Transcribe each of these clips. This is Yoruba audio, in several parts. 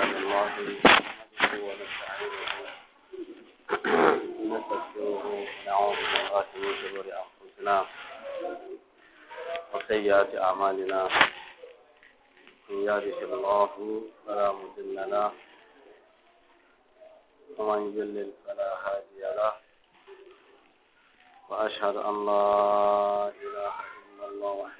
من شرور وسيئات اعمالنا من يهده الله فلا مضل له ومن يضلل فلا هادي له واشهد ان لا اله الا الله وحده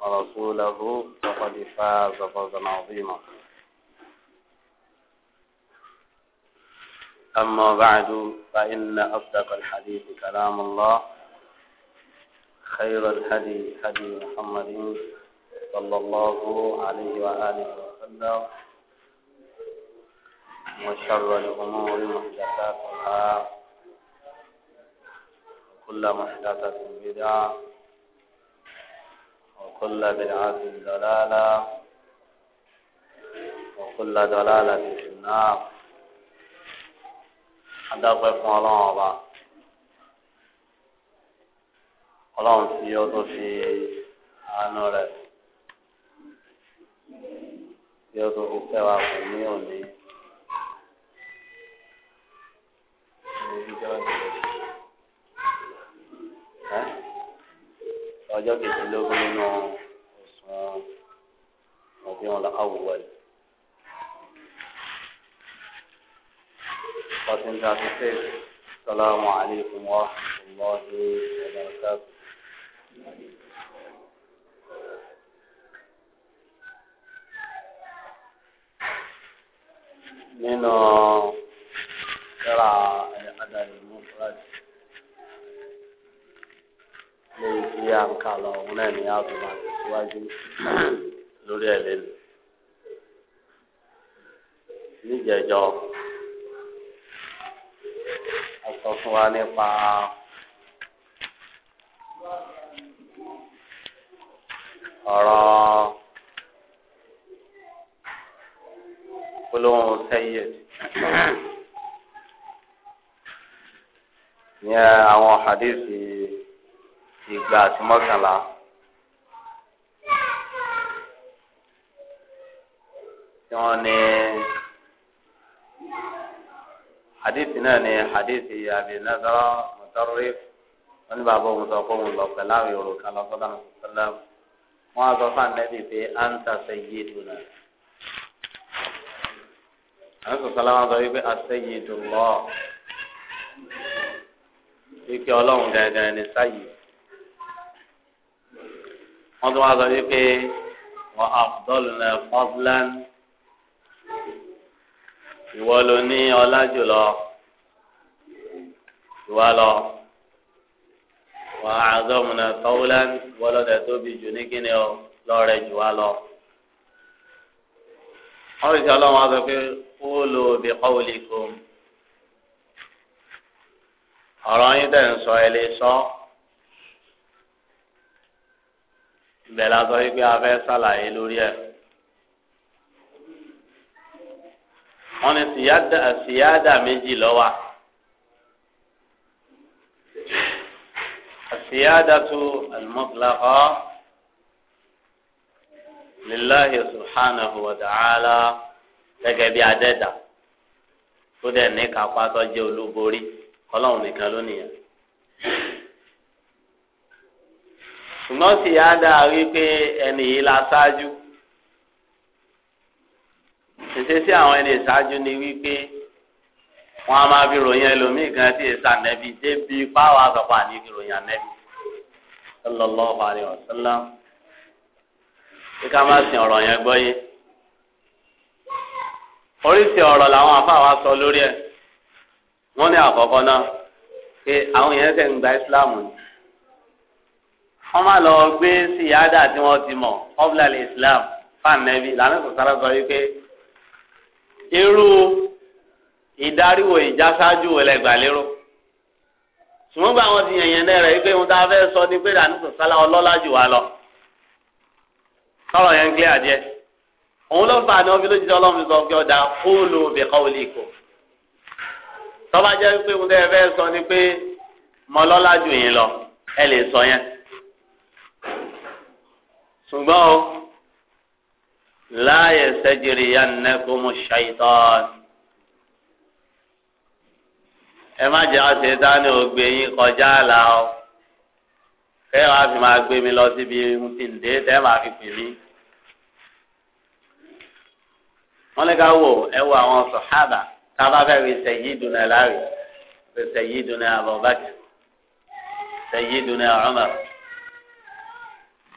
ورسوله فقد فاز فوزا عظيما أما بعد فإن أصدق الحديث كلام الله خير الهدي هدي محمد صلى الله عليه وآله وسلم وشر الأمور محدثاتها كل محدثة بدعة وكل بدعة ضلالة وكل ضلالة في النار adágbẹ́ fún ọlọ́run ọba ọlọ́run tí ó tó fi àánú rẹ̀ tí ó tó fi kẹwa kù ní òní. Thank you. ọjọ́ kejìlélógún nínú oṣù ọdún ọlọ́wọ́l fourteen thirty six salaamu alaykum wa rahmatulahi wa barakatuh. nínú. tí a ń kà lọ òun náà ni a tún máa tẹ̀síwájú lórí ẹ̀ lẹ́nu. níjẹ̀jọ́ a sọ fún wa nípa ọ̀rọ̀ gbólóhùn sẹ́yìn ní àwọn hadithi ìgbà àti mọ́kànlá. tí wọ́n ní hadithi náà ní hadithi àbí nàzàrà mùtọ́rìf wọ́n ní bàbá òun sọ fún òun lọ pẹ̀lú àwọn èrò kan lọ́sọ́dọ̀ náà sọ́dọ̀ wọ́n á sọ fún ànẹ́bí pé à ń ta sẹ́yìí dùnà. àwọn sọ̀sọ́lá wọn sọ wípé àsẹ́yìí dùn lọ. wípé ọlọ́run gẹ́gẹ́ ni sáyìí wọ́n tún wá sọ wípé wọ́n afdalna fadlan ìwọ ló ní ọlá jùlọ ìwọ lọ wọ́n azamna qawlan ìwọ lọ́dẹ tóbi jù ní kíni o lọ́rẹ̀ jù wá lọ. wọ́n fi ṣe ọlọ́run wá sọ pé qulu bi qawlikum ọ̀rọ̀ yín tẹ̀ ń sọ ẹ lè sọ. ibẹ̀ la sọ wípé a fẹ́ ṣàlàyé lórí ẹ̀. wọ́n ní síyáàdà méjì lọ́wọ́ síyáàdà tó al-mutlaqa lillahi subhanahu wa ta'ala gẹ́gẹ́ bí adẹ́dà tó dẹ̀ ní kápá tó jẹ́ olúborí ọlọ́run nìkan lónìí yẹn ṣùgbọ́n sì yá dáa wípé ẹni yìí la ṣáájú ìṣesí àwọn ẹni ìṣáájú ni wípé wọn a máa fi ròyìn ẹlòmíì kan tí èsì ànẹ́bí débi báwa àgbàpọ̀ àní fi ròyìn ànẹ́bí sallallahu alaihi wasallam kí ká má sin ọ̀rọ̀ yẹn gbọ́ yé oríṣi ọ̀rọ̀ làwọn afáwa sọ lórí ẹ̀ wọ́n ní àkọ́kọ́ náà pé àwọn yẹn tẹ̀ ń gba ìsìláàmù ni wọ́n máa lọ gbé síyáàdà tí wọ́n ti mọ̀ ọ́bùlà lè islam fànẹ́bí lànà sọ̀sára sọ wípé irú ìdáríwò ìjásájú wọlé gbàlérò ṣùgbọ́n gba àwọn ti yẹ̀yẹ̀ náà rẹ̀ wípé ohun tá a fẹ́ sọ ni pé lànà sọ̀sára ọlọ́lá jù wá lọ sọ̀rọ̀ yẹn ń gbé àjẹ́ òun ló fà ní ọ́fíì lójijì ọlọ́run sọ pé ọ̀dà fóònù bìkọ́ òlì kò tọ́ba jẹ́ ohun tẹ́ ẹ fẹ́ sọ ni pé mọ́lọ́lá jù yín lọ ẹ lè sọ yẹn ṣùgbọ́n o láàyè sẹ́jìrì yá nẹ́kùn mu ṣàìtàn ẹ má jẹ́ àṣetánì ògbé yín kọjá àlà o kẹ́ wàá fi máa gbé mi lọ síbi ohun tí ń dé tẹ́ máa fi pè mí. wọ́n lé ká wò ẹ wo àwọn sọ̀hábà tá a bá fẹ́ fi sẹ̀yìn dùnà láàrin fi sẹ̀yìn dùnà Abubakar sẹ̀yìn dùnà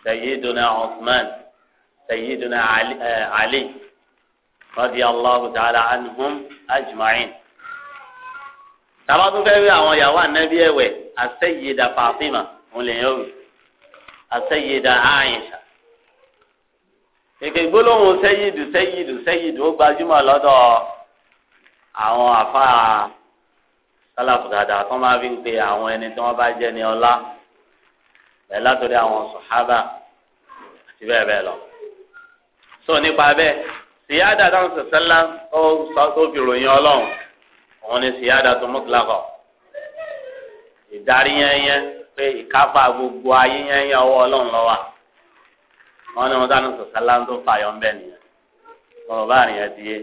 سيدنا عثمان سيدنا علي, رضي الله تعالى عنهم أجمعين tabatu fẹ́ wí àwọn ìyàwó anabi ẹ̀wẹ̀ asẹ́yida Fatima ònlẹ̀yẹ̀wò asẹ́yida Aisha kèké gbólóhùn sẹ́yidu sẹ́yidu sẹ́yidu ó gbajúmọ̀ lọ́dọ̀ àwọn afa sálàfù dáadáa kọ́ máa fi ń pe àwọn ẹni tí wọ́n bá jẹ́ ní ọlá bẹ́ẹ̀ látọ̀dọ̀ àwọn sọ̀hábà àti bẹ́ẹ̀ bẹ́ẹ̀ lọ. sọ nípa bẹ́ẹ̀ síyáàdà táwọn sọ̀sẹ́lá tó fi ròyìn ọlọ́run òun ni síyáàdà tó mutlaqah ìdarí yẹnyẹn pé ìkápá gbogbo ayé yẹnyẹn ọwọ́ ọlọ́run ló wà wọn ni wọn táwọn sọ̀sẹ́lá tó fàyọ̀ ńbẹ nìyẹn ọ̀rọ̀ bá nìyẹn ti yé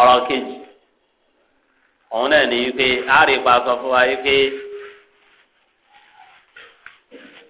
ọ̀rọ̀ kejì òun náà ní pé àárẹ̀ pa fún wa yìí pé.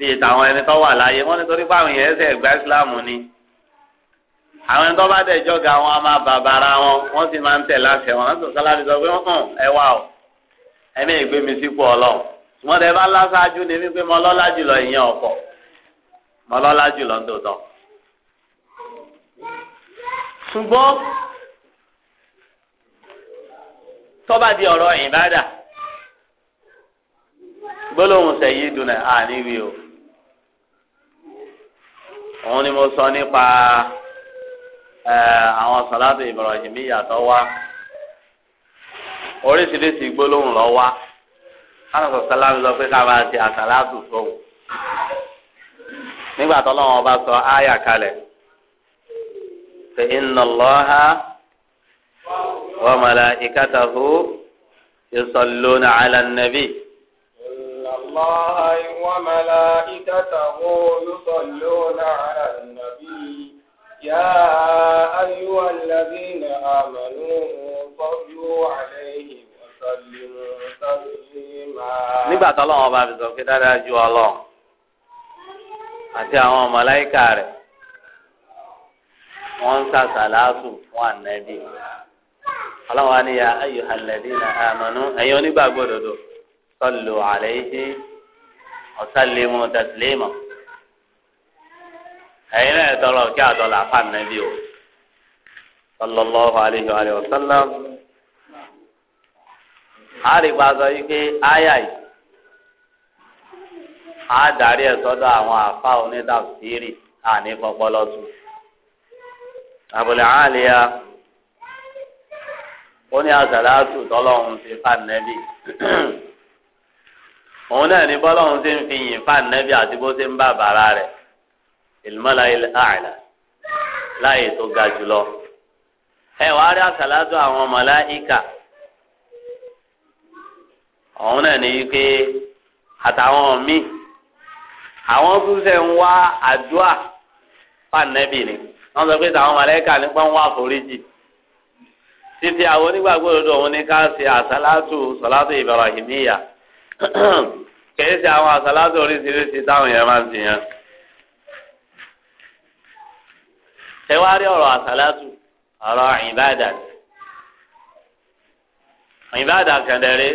bíi tàwọn ẹni tó wà láyé wọ́n nítorí pé àwọn yẹn ẹsẹ̀ gba ìsìláàmù ni àwọn ẹni tó bá dẹ̀ jọ́ga wọn a máa bàbàrà wọn wọ́n sì máa ń tẹ̀ láṣẹ wọn láti sọ́láàdì sọ pé hàn ẹ wà o ẹni ìgbé mi sípò ọlọ́run ṣùgbọ́n tẹ bá láṣáájú ni wípé mo lọ́lá jùlọ ìyẹn ọ̀pọ̀ mo lọ́lá jùlọ ń dòdò. ṣùgbọ́n tó bá di ọ̀rọ̀ ìbádà gbólóhùn sẹ́yìn dùn náà àníwí o òun ni mo sọ nípa àwọn sàlátù Ibrahimiyya tó wá oríṣiríṣi gbólóhùn lọ wá kánàtọ̀ sálámù sọ pé ká máa ṣe àsàlátù fóun nígbà tó lọ́wọ́ bá sọ áyà kalẹ̀ fa inna Allaha wa malaikatahu yusalluna ala nabi. الله وملائكته يصلون على النبي يا أيها الذين آمنوا صلوا عليه وسلموا تسليما na tí Ọlọ́run bá fi sọ pé dáadáa ju Ọlọ́run àti àwọn màláíkà rẹ̀ wọ́n ń sàṣàlásù fún ya ayyuhal sọlù àlẹ́yé ọ̀sálẹ́mú tẹ̀sílẹ́mọ̀ na náà tọrọ kí àtọ́lá fáànàbí o sallallahu alayhi wa sallam àríwá sọ yìí pé a yìí á darí ẹ̀ sọ́dọ̀ àwọn àfa onídàbísírì àní fọpọlọ́tù ó ní àṣàlátù tọ́lọ́hún ti fáànàbí. òun náà ní bọ́lọ́hún ṣe ń fi yìn fáàn nẹ́bí àti bó ṣe ń bá bàrà rẹ̀ ìlúmọ́lá àìlà láàyè tó ga jùlọ. ẹ wàá rí àsàlátù àwọn màláíkà òun náà ní wípé àtàwọn míì àwọn tó ṣe ń wá àdúà fáàn nẹ́bí ni wọ́n sọ pé tàwọn màláíkà nípa ń wá àforíjì títí àwọn onígbàgbọ́ òdodo òun ní ká ṣe àsàlátù sàlátù ìbàràhìmíyà. kìí ṣe àwọn àsálàtò oríṣiríṣi táwọn yẹn máa ń ti yẹn. ṣé wàá rí ọ̀rọ̀ àsálàtò ọ̀rọ̀ ìbáàdà ìbáàdà kẹ̀dẹ̀rẹ́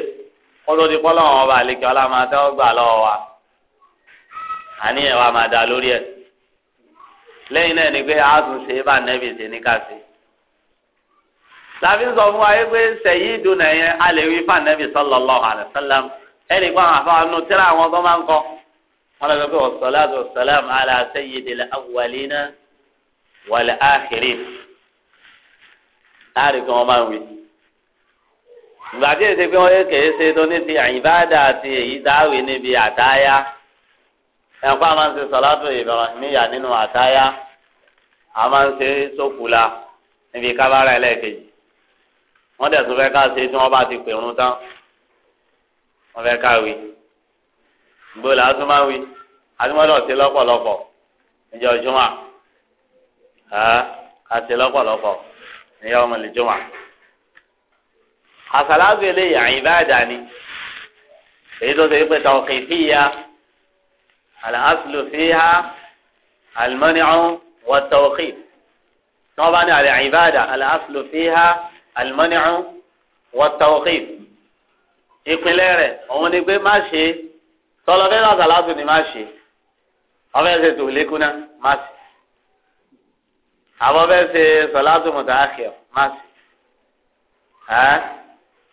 kọ́lódì ọba àlekè ọlá máa tẹ́wọ́ gbà lọ́wọ́ wa máa lórí ẹ̀ lẹ́yìn náà ni pé àtúnṣe bá nẹ́bì ṣe ní káṣí tàbí sọ fún wa yìí pé sẹ́yìn ìdùnnà a lè wí fún ẹnì kan àfọwọ́n nù tíra àwọn tó máa ń kọ wọn lọ sọ pé wassalatu wassalamu ala sayyidil awwalina wal akhirin láàrin kí wọ́n máa ń wí. ìgbà tí èsì pé wọ́n yé kèé ṣe tó ní ti ìbádà àti èyí dáwé níbi àtáyá ẹ̀kọ́ a máa ń ṣe salatu ibrahimiyya nínú àtáyá a máa ń ṣe sókùlà níbi kábàárà ẹlẹ́ẹ̀kejì wọ́n dẹ̀ tún fẹ́ ká ṣe tí wọ́n bá ti pèrún wọn fẹ́ káwé gbọ́dọ̀ àtúmáwé àtúmọ̀lọ́ ti lọ́pọ̀lọpọ̀ ìjọ jùmọ̀ àti lọ́pọ̀lọpọ̀ ìyá ọmọ lè jùmọ̀ àsàlátù eléyà ìbáàdà dani èyí tó ṣe pé tàwọ̀kì fìyà àlàásùlù fìyà àlùmọ́nìún wà tàwọ̀kì tí wọ́n bá ní àlẹ́ ìbáàdà àlàásùlù fìyà àlùmọ́nìún wà tàwọ̀kì. ìpínlẹ̀ rẹ̀ òun ni pé má ṣe tọ́lọ fẹ́ lọ́sà látò ni má ṣe ọfẹ́ ṣe tò lékún náà má ṣe àbọ̀ fẹ́ ṣe sọ̀látò mùtàákìọ̀ má ṣe ẹ́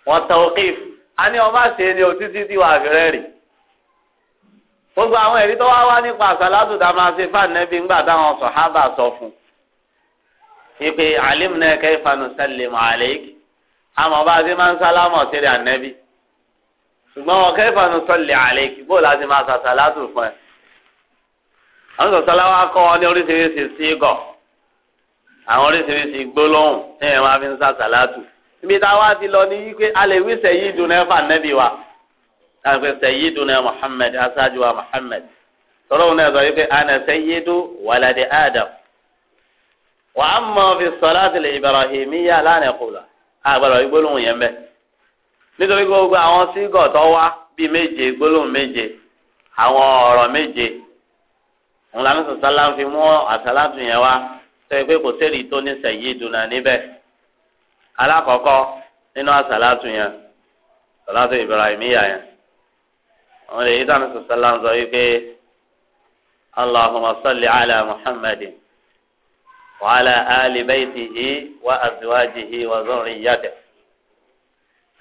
wọ́n tọ́ kíf a ní ọmọ ṣe ni o títí tí wàá fi rẹ́ rì gbogbo àwọn ẹ̀rí tó wá wá nípa sọ̀látò tá máa ṣe fáànù ńgbà táwọn sọ̀hábà sọ fún ipe alimna kayfa nusallimu alayk àmọ́ bá a máa ń sálámọ̀ sílẹ̀ ànẹ́bí ṣùgbọ́n wọn kẹfà ní sọlẹ̀ àlẹ́ kí bóòlù àti máa sàṣà látò fún ẹ. àwọn sọ̀sọ́lá wa kọ́ ọ ní oríṣiríṣi sígọ̀ àwọn oríṣiríṣi gbólóhùn tí ẹ̀ máa fi ń sàṣà látò. ibi tá a wá ti lọ ní wípé a lè wí sẹ̀yí dùnà ẹ̀fà nẹ́bí wa àgbẹ̀ sẹ̀yí dùnà Muhammad aṣáájú wa Muhammad tọ́lọ́ náà sọ wípé ana sayyidu waladi Adam wa amma fi salati al-Ibrahimiyya la naqula àgbàdo nítorí gbogbo àwọn sígọ̀ tó wá bíi méje gbólóhùn méje àwọn ọ̀rọ̀ méje ńlá mẹ́sàn-án sálá ń fi mú àsálàtù yẹn wá sọ pé kò sẹ́rì tó ní sayyiduna níbẹ̀ alákọ̀ọ́kọ́ nínú àsálàtù yẹn sálátù Ibrahimiyya yẹn àwọn èyí tó àmì sálá ń sọ wípé Allahumma salli ala Muhammadin wa ala ali baytihi wa azwajihi wa zurriyyatihi.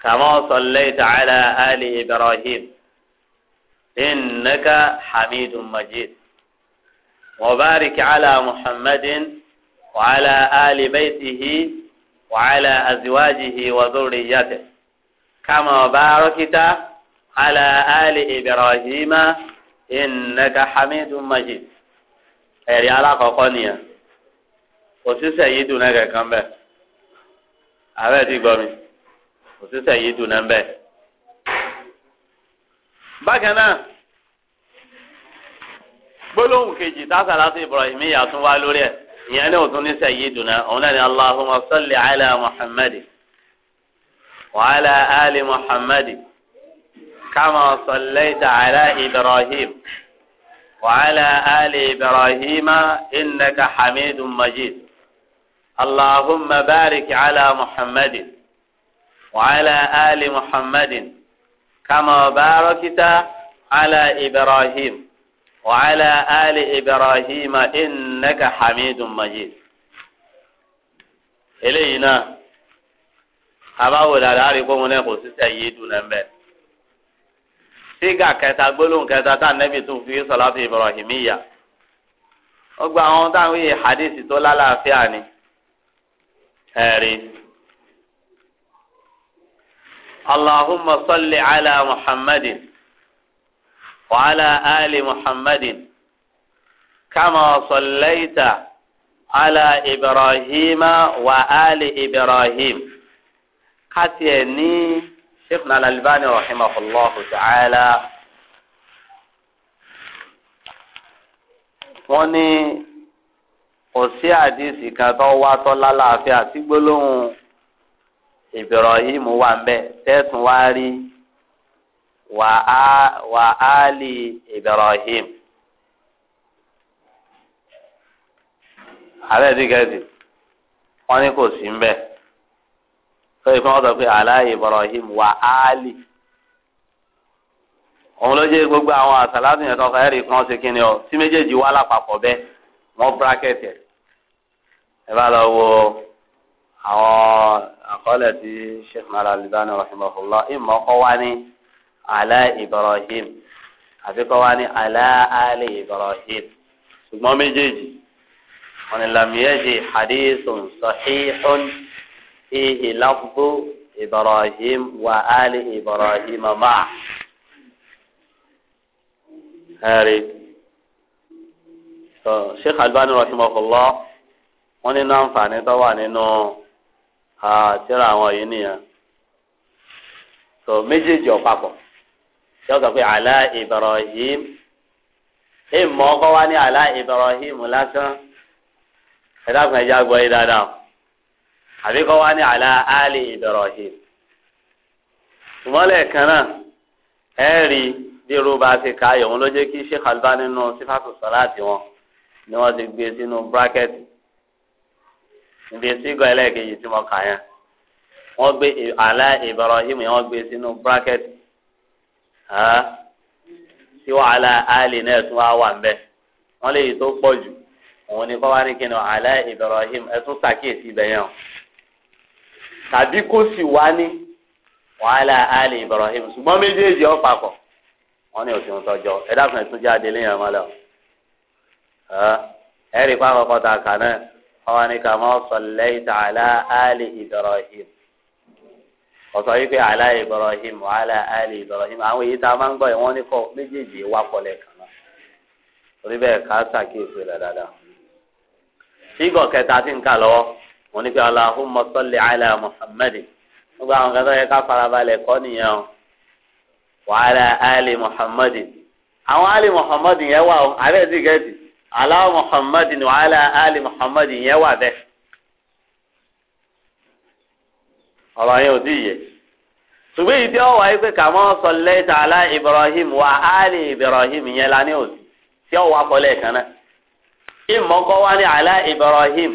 كما صليت على آل إبراهيم إنك حميد مجيد وبارك على محمد وعلى آل بيته وعلى أزواجه وذريته كما باركت على آل إبراهيم إنك حميد مجيد ẹ̀rí alákọ̀ọ́kọ́ nìyẹn kò sí sẹ́yìn dùn kò sí sẹ́yìn dùn náà bẹ́ẹ̀. bákan náà gbólóhùn kejì tásàlátì Ibrahim yà tún wá lórí ẹ̀ ìyẹn náà tún ní sẹ́yìn dùn náà òun náà ní Allahumma salli ala Muhammad wa ala ali Muhammad kama sallaita Ibrahim. وعلى آل إبراهيم إنك حميد مجيد اللهم بارك على محمد وعلى آل محمد كما باركت على إبراهيم وعلى آل إبراهيم إنك حميد مجيد إلينا abawo dada arikó mu náà kò sí sẹyìdù náà mbẹ sígà kẹta gbólóhùn kẹta tá nẹbi tún fi sọlá fi ibrahimiya ó gba àwọn táwọn yìí hadith tó lálàáfíà ni ẹ̀rí. اللهم صل على محمد وعلى آل محمد كما صليت على إبراهيم وآل إبراهيم قتيني شيخنا الألباني رحمه الله تعالى وني أسيع ديسي كتواتو للعافية تقولون Ibrahim wà mbẹ tẹ́tùn wá rí wà á lè Ibrahim. àlẹ́ dígẹ́dì wọ́n ní kò sí mbẹ́ sọ́yìn fún wọn sọ pé àlá Ibrahim wà á lè òun ló jẹ́ gbogbo àwọn àsàlátù yẹn tó fẹ́ rí kan ṣe kíni ọ tí méjèèjì wà lápapọ̀ bẹ́ẹ̀ wọ́n bírákẹ́tì ẹ̀ ẹ bá lọ wo àwọn àkọọ́lẹ̀ tí sheikh mara alibani rahimahullah ìmọ̀ kọ́ wá ní ala ibrahim àti kọ́ wá ní ala ali ibrahim ṣùgbọ́n méjèèjì wọn ni lamiyeji hadithun sahihun fihi lafdu ibrahim wa ali ibrahim ma'a. ẹ̀rí sheikh alibani rahimahullah wọn nínú àǹfààní tó wà nínú. No tíra àwọn yìí nìyẹn tó méjèèjì ọ̀pápọ̀ yóò sọ pé àlá Ibrahim ìmọ̀ ọkọ wa ní àlá Ibrahim lásán ẹ̀dáàkùn ẹ̀já gbọ́ yìí dáadáa àbí kọ́ wa ní àlá Ali Ibrahim ìmọ̀lẹ̀ kan náà ẹ̀ rí bí rúbà ti ka ayọ̀ wọn ló jẹ́ kí Sheikh Albani nínú sífàtù sọ́láàtì wọn ni wọ́n ti gbé sínú bírákẹ́tì. ibi sígọ ẹlẹ́ẹ̀kejì tí mo kà yẹn wọn gbé àlá Ibrahim yẹn wọ́n gbé sínú bracket tí wọ́n àlá àlè náà tún wá wà nbẹ wọn lè yí tó pọ̀ jù ni kọ́ ní kíni Ibrahim etu tún ṣàkíyèsí yẹn o tàbí kó sì wá ní wàhálà àlè Ibrahim ṣùgbọ́n méjèèjì ọ̀ papọ̀ wọ́n ni òṣèlú tọjọ́ ẹ dákun tún jáde léyìn àwọn ni kàmá ala Ali Ibrahim ọ̀sọ̀ yìí pé àlá Ibrahim wàhálà àlè Ibrahim àwọn èyí tá a máa ń gbọ́ yìí wọ́n ní kọ́ méjèèjì wà pọ̀lẹ̀ kan náà ndị wọn Allahumma salli ala Muhammad Ali Muhammad Muhammad o ala muhammadin wa ala ali muhammadin yẹn wà bẹ́ẹ̀ ọ̀rọ̀ yẹn ò dí yẹ ṣùgbọ́n ìdí ọ̀wà yìí pé kàmọ́ sọlẹ́tà ala ibrahim wa ali ibrahim yẹn la ní òsì tí ọ̀wà kọ́lẹ̀ kan náà ìmọ̀kọ́ wa ní ala ibrahim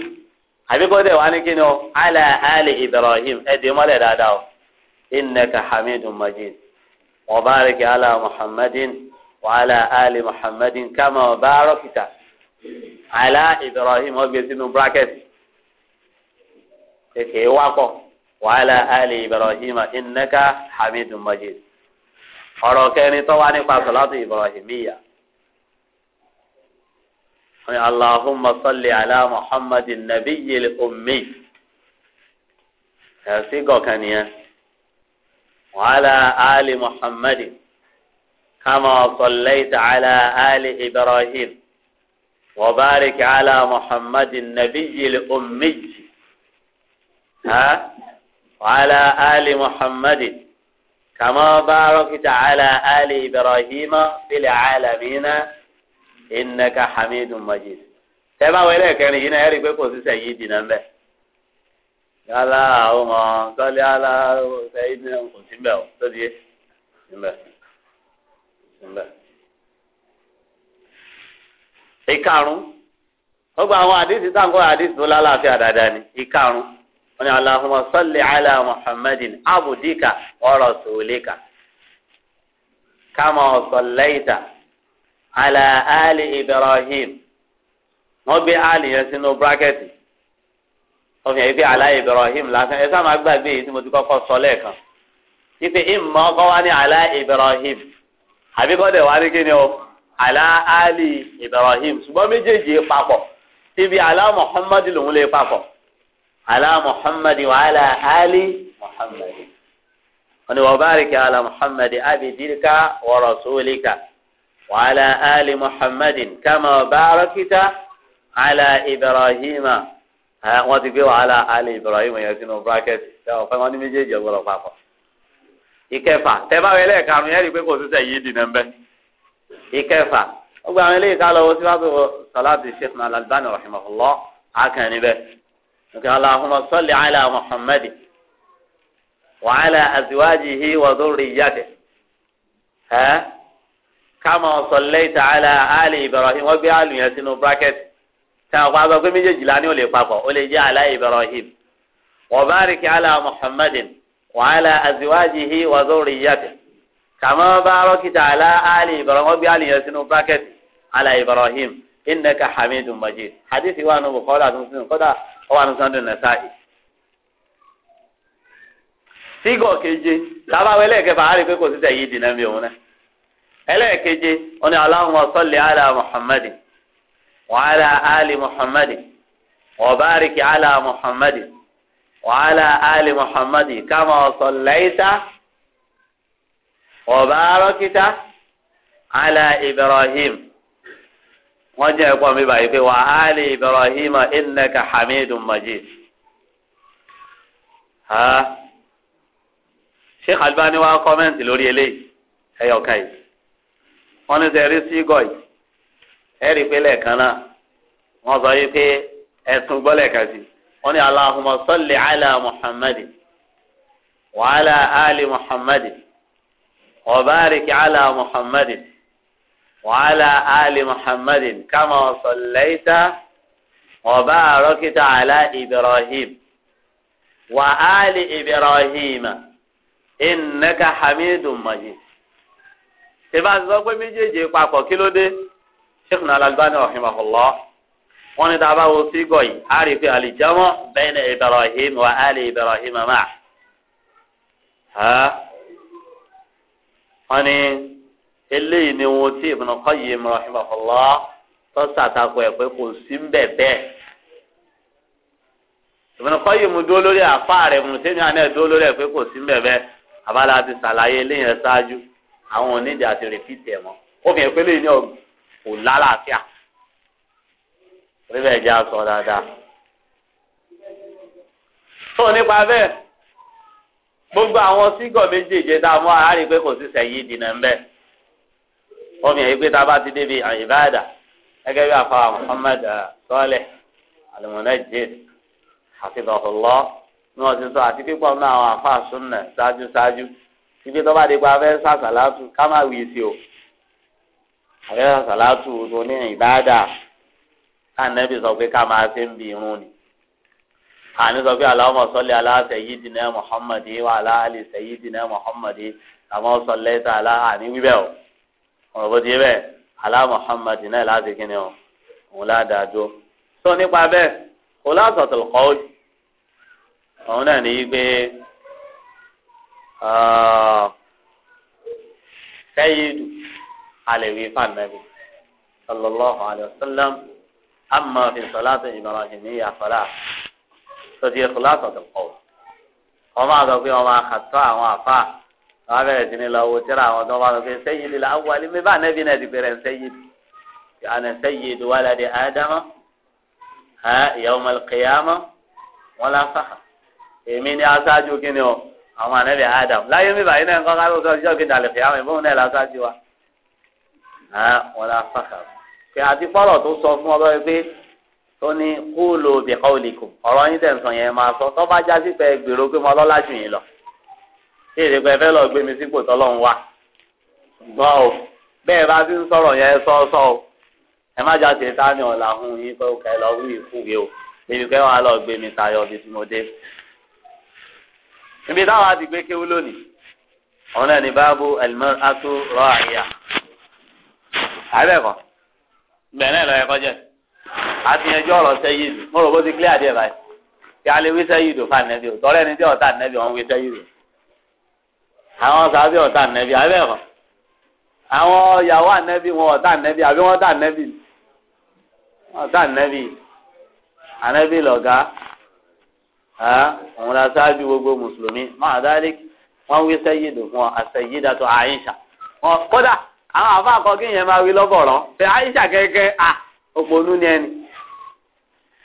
àbíkọ́tẹ̀ wa ní kíni o ala ali ibrahim ẹ̀dẹ̀ mọ́lẹ̀ dáadáa o innaka hamidun majid wa barik ala muhammadin wa ala ali muhammadin kama barakita. ala ibrahim ọgbẹ sínú wa ko wa ala ali ibrahim innaka hamidum majid ọ̀rọ̀ ke ni tó wá nípa sọlátù ibrahimiyya wọn allahumma salli ala muhammadin nabiyyil ummi ẹsí gọkàn nìyẹn wàhálà ali muhammadin kama sallaita ala ali ibrahim. وبارك على محمد النبي الأمي ها وعلى آل محمد كما باركت على آل إبراهيم في العالمين إنك حميد مجيد تبا وليك يعني هنا يريك ويقول سيدنا به قال هما قال يا الله سيدنا به تدي به بسم ìkarùn gbogbo àwọn àdìsí táǹkọ́ àdìsí tó lálàáfíà dáadáa ni ìkarùn wọn ni Allahumma salli ala Muhammadin abudika wa rasulika kama sallaita ala ali Ibrahim wọn gbé ali yẹn sínú bírákẹ́tì wọn fi hàn pé ala Ibrahim lásán ẹ máa gbàgbé yìí tí mo ti kọ́kọ́ sọ lẹ́ẹ̀kan ìmọ̀ ọkọ wa ní Ibrahim ní kíni o. àlá ali ibrahim ṣùgbọ́n méjèèjì papọ̀ síbi àlá muhammad lòun lè papọ̀ àlá muhammad wa àlá ali muhammad wọn ni wọ́n bárik àlá muhammad abidika wa rasulika wa àlá ali muhammad kama barakita àlá ibrahim wọ́n ti gbé wàhálà àlá ibrahim yẹn sínú bracket ṣé wọ́n wọn ní méjèèjì ọgbọ́dọ̀ papọ̀ ìkẹfà tẹ́fà wẹlẹ́ karùn yẹn rí i pé kò sí sẹ́yìn dì náà bẹ́ẹ̀. ìkẹfà gbogbo àwọn eléyìí ká lọ́wọ́ síwájú sọláàtì sheikh maal albani rahimahullah akàn níbẹ̀ nǹkan aláhùnmá sọ́lì àlà muhammadi wà àlà àzíwájìhí wà dórí yàtẹ̀ ẹ́ kama sọlẹ́tà àlà àlì ibrahim wọ́n gbé àlùyẹn sínú brákẹ́tì táwọn kan sọ pé méjèèjìlá ni ó lè papọ̀ ó lè jẹ́ àlà ibrahim wà bárìkì àlà muhammadin wà àlà àzíwájìhí wà dórí yàtẹ̀. kàmá bá rọ́kìtà àlá àlì Ibrahim wọ́n gbé àlì yẹn sínú bákẹ́tì àlà Ibrahim innaka hamidun majid hadith wa nu bukhari àti muslim kódà ọwọ́ àti sandun nasa'i. sígọ̀ keje tábàwọ̀ ẹlẹ́ẹ̀kẹfà á rí pé kò sí tẹ̀yí dìnnà mi òun náà ẹlẹ́ẹ̀keje wọn ni Allahumma salli ala Muhammadin wa ala ali Muhammadin wa barik ala Muhammadin wa ala ali Muhammadin kama sallaita. وباركت على إبراهيم وجه يقوم ببعيك وآل إبراهيم إنك حميد مجيد ها Sheikh Albani wa kọ́mẹ́ǹtì lórí eléyìí ẹ̀yọ̀kan yìí wọ́n ní sẹ́rí sígọ̀ yìí ẹ̀rí pé lẹ́ẹ̀kan náà wọ́n sọ yìí pé ẹ̀sùn gbọ́ lẹ́ẹ̀kan sí wọ́n ní Allahumma salli ala Muhammad wa ali Muhammad. وبارك على محمد وعلى آل محمد كما صليت وباركت على إبراهيم وآل إبراهيم إنك حميد مجيد tẹ́fà sọ pé méjèèjì papọ̀ kí ló dé sheikh nal albani rahimahullah wọn ni dábàá wo sígọ yìí a rí i pé alijamu bayna ibrahim wa ali ibrahim ma. wọ́n ní eléyìí ni wọn tí Ibn Qayyim rahimahullah tó ṣàtakò ẹ̀ pé kò sí ń bẹ̀ bẹ́ẹ̀ Ibn Qayyim dúró lórí àfa rẹ̀ mùsùlùmí àná ẹ̀ dúró lórí ẹ̀ pé kò sí bẹ́ẹ̀ abala ti ṣàlàyé eléyìí ṣáájú àwọn onídìí àti rìpítì ẹ̀ mọ́ gbogbo àwọn sígọ̀ méjèèjì tá a mọ àárín pé kò sí sẹ́yìn dìnnà ń bẹ́ẹ̀ ọmọ yẹn gbé tá a bá ti débi ìbáàdà gẹ́gẹ́ bí afa Muhammad eh, Saleh Al-Munajjid hafidhahullah ní wọ́n ti sọ àti pípọ̀ náà àwọn afa sunna ṣáájú ṣáájú ibi tó bá di pa fẹ́ sàṣàlátù ká má wí sí o àfẹ́ sàṣàlátù tó ní ìbáàdà ká nẹ́bí sọ pé ká máa ṣe ń bi irun ni àní sọ pé aláwọ̀ sọ́lẹ̀ aláṣẹ yìí dìnnà Muhammad wà aláàlì sẹ́yìn dìnnà Muhammad àmọ́ sọ́lẹ̀ tà alá àní wíbẹ̀ o ọ̀rọ̀ bó ti yé bẹ́ẹ̀ alá Muhammad náà láti kíni o òun ládàájọ́ sọ nípa bẹ́ẹ̀ kò lásọ̀tò kọ́ọ̀dù òun náà ní pé sẹ́yìn alẹ́ wí fún anabi sallallahu alayhi wa sallam amma fi salati Ibrahimiyya fọlá sọdí ẹ̀kọ́ látọ̀tọ̀ pọ̀ ọmọ àgbà pé ọmọ àkàtọ́ àwọn àfa wọn bẹ̀rẹ̀ sí ni lọ wo tíra àwọn tó wọn lọ pé sẹ́yìn lè la awọ alẹ́ mi bá nẹ́bí náà ti pẹ̀rẹ̀ sẹ́yìn àná sẹ́yìn wàlá di ádámọ́ ẹ̀ yawm al-qiyamah wọn la fà èmi ni aṣáájú kí o àwọn ànábì ádám láyé mi báyìí náà nǹkan ká ló sọ ọjọ́ kejì àlẹ́ fìyàwó ìbọn náà láṣáájú wa wọn la fà kà àti fọ́lọ̀ tó sọ fún ọ tó ní kúlò bìkọ́ òlìkò ọ̀rọ̀ yín tẹ̀ ń sọ yẹn máa sọ tó bá já sí pé gbèrò pé mo lọ́lá jù yín lọ kí èdè pé fẹ́ lọ gbé mi sípò tọ́lọ́run wá gbọ́n o bẹ́ẹ̀ bá ti ń sọ̀rọ̀ yẹn sọ́ọ́sọ́ o ẹ má já ṣe tání ọ̀la hun yín pé òkè lọ wí ìfúwe o èdè pé wọn á lọ gbé mi tayọ bí tí mo dé. ibi táwọn àti gbé kéwú lónìí ọ̀nà ní báàbù al-mar'atu ra'iya àbẹ̀kọ̀ bẹ̀rẹ̀ lọ ẹ̀kọ́ jẹ́ àfihànjọ ọ̀rọ̀ sẹ́yìn dùn mo rò bó ti clear díẹ̀ báyìí kí a wí sẹ́yìn dùn fún ànẹ́bí o tọ́lẹ̀ ní tí ọ̀tá ànẹ́bí wọn wí sẹ́yìn dùn àwọn sàbí ọ̀tá ànẹ́bí abẹ́ ẹ̀kọ́ àwọn ìyàwó ànẹ́bí wọn ọ̀tá ànẹ́bí àbí wọn ọ̀tá ànẹ́bí ọ̀tá ànẹ́bí ànẹ́bí lọ̀gá òun la sáájú gbogbo mùsùlùmí máa dárí wọn wí sẹ́yìn dùn fún àṣẹyí dàtọ̀ àyíṣà kódà àwọn àfa àkọ́kí yẹn máa wí lọ́bọ̀rọ̀ fẹ́ àyíṣà kẹ́kẹ́ à ah, òpònú ni ẹni.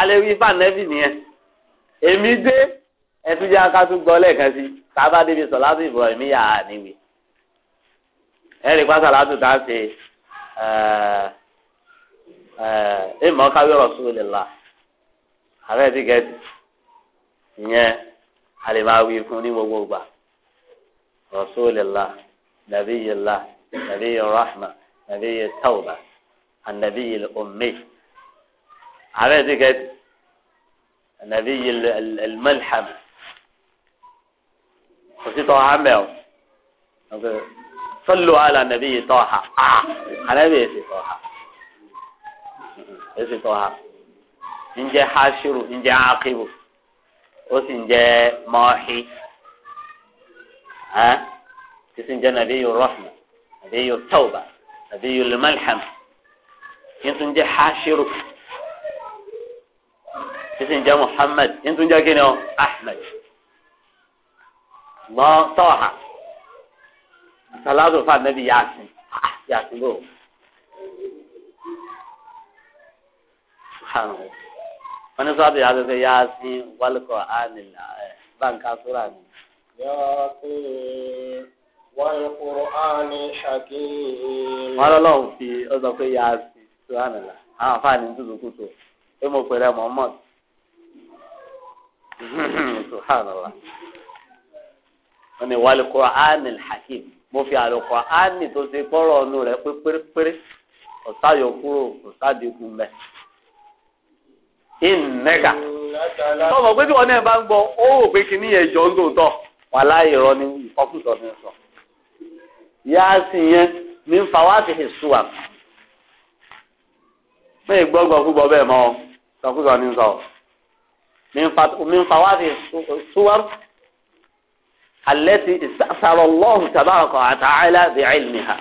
alẹ́wí fànẹ́bì nìyẹn èmi dé ẹtújẹ akátú gbọ́ lẹ́ẹ̀kan sí sábà débi sọ láti ìbọ̀ èmi yà á níwì ẹ̀rì pásá látò tá a ṣe ìmọ̀ káwé ọ̀rọ̀ sóò lè la àbẹ́ ti gẹ̀ẹ́sì ìyẹn a lè máa wí fún ní gbogbo gbà rasulillah nabiyillah nabiyir rahma nabiyir tawba anabiyi ummi. على ذكر النبي الملحم خصي طه عمو صلوا على النبي طه على يدي طه يدي طه إن جاء حاشر إن جاء عاقب وإن جاء ماحي ها إن جاء نبي الرحمة نبي التوبة نبي الملحم إن جاء حاشر sísè ń Muhammad intu tún jẹ́ kí Ahmed lọ tọ́ha salatu fa nabi yasin ah, yasin bò subhanahu wọn ní sọ́ọ́bì yàtọ̀ sí yasin wàlùkọ́ ànìlà ẹ̀ eh, báńkà ni. yasin wàlùkùránì hakim. wọn lọ́lọ́run fi ọ̀sán pé yasin sóra nìlà àwọn afáàní ń pere Muhammad. subhanallah wọ́n ní mo fi àlọ́ kọ́ránì tó ṣe kọ́rọ̀ ọ̀nù rẹ̀ pé pérépéré ọ̀sá yòókúrò ọ̀sá dínkù mẹ́. ìnẹ́gà tọ́mọ pé tí wọ́n ní ìfọkùsọ ní ní من فوائد الصور التي استأثر الله تبارك وتعالى بعلمها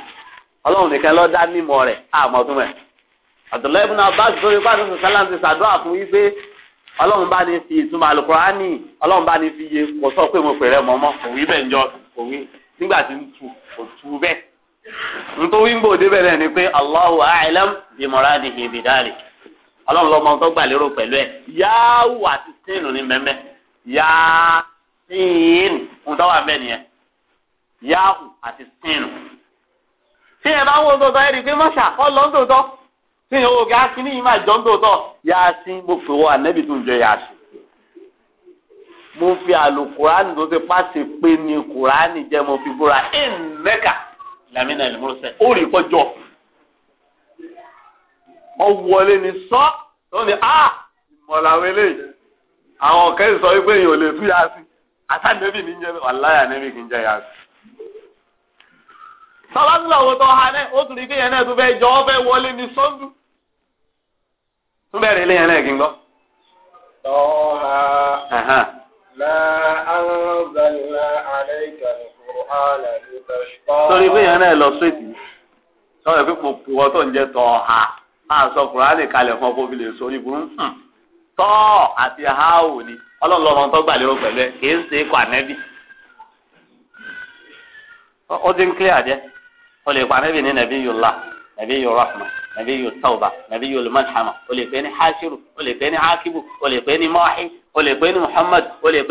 ọlọ́run nìkan ló dá mímọ̀ rẹ̀ àmọ́tún rẹ̀ Abdullahi ibn Abbas tó ipá tó sàlám ti sàdúrà fún wípé ọlọ́run bá ní fi ìtumọ̀ alukurani ọlọ́run bá ní fi iye kò sọ pé mo pèrè ọlọ́run lọ́mọ tó gbà lérò pẹ̀lú ẹ̀ yáwù àti sínú ní mẹ́mẹ́ yáá sínú ń tọ́wà bẹ́ẹ̀ nìyẹn yáwù àti sínú. tí ẹ bá ń wo tòótọ́ ẹ̀rí pé mọ́ṣà kọ́ lọ ń tòótọ́ tí ìyẹn wò ká kíní yìí máa jọ ń tòótọ́ yáàsín mo fi wọ ànẹ́bí tó ń jẹ yáàsín. mo fi àlùkùránì tó ti pàṣẹ pé ni kùránì jẹ́ mo fi búra ẹ̀ mẹ́kà làmínà ìlú mọ́ṣẹ́ ó rí kọjọ́ ọwọlé ni sọ wọn ni a ìmọ̀làwé léyìí àwọn kẹ́hìn sọ wípé èèyàn lè tú yáa sí ní jẹ́ wàláyà nẹ́bì kì í jẹ́ yáa sí. tó ha náà tó fẹ́ jọ wọlé bẹ̀rẹ̀ ilé yẹn náà kí n gbọ́. tọ́ha yẹn náà lọ sí tó ń Ha sọ kùránì kalẹ̀ fún ọkọ̀ òfìlè sórí burú hmm. tọ́ àti tó gbà lérò pẹ̀lú ẹ ṣe ànẹ́bì ó ti ń kílẹ̀ àjẹ́ o lè pa ànẹ́bì ní nàbí nàbí rahma nàbí yòó tawba nàbí yòó o lè pè ní hashiru o lè pè ní hakibu o lè pè ní o lè pè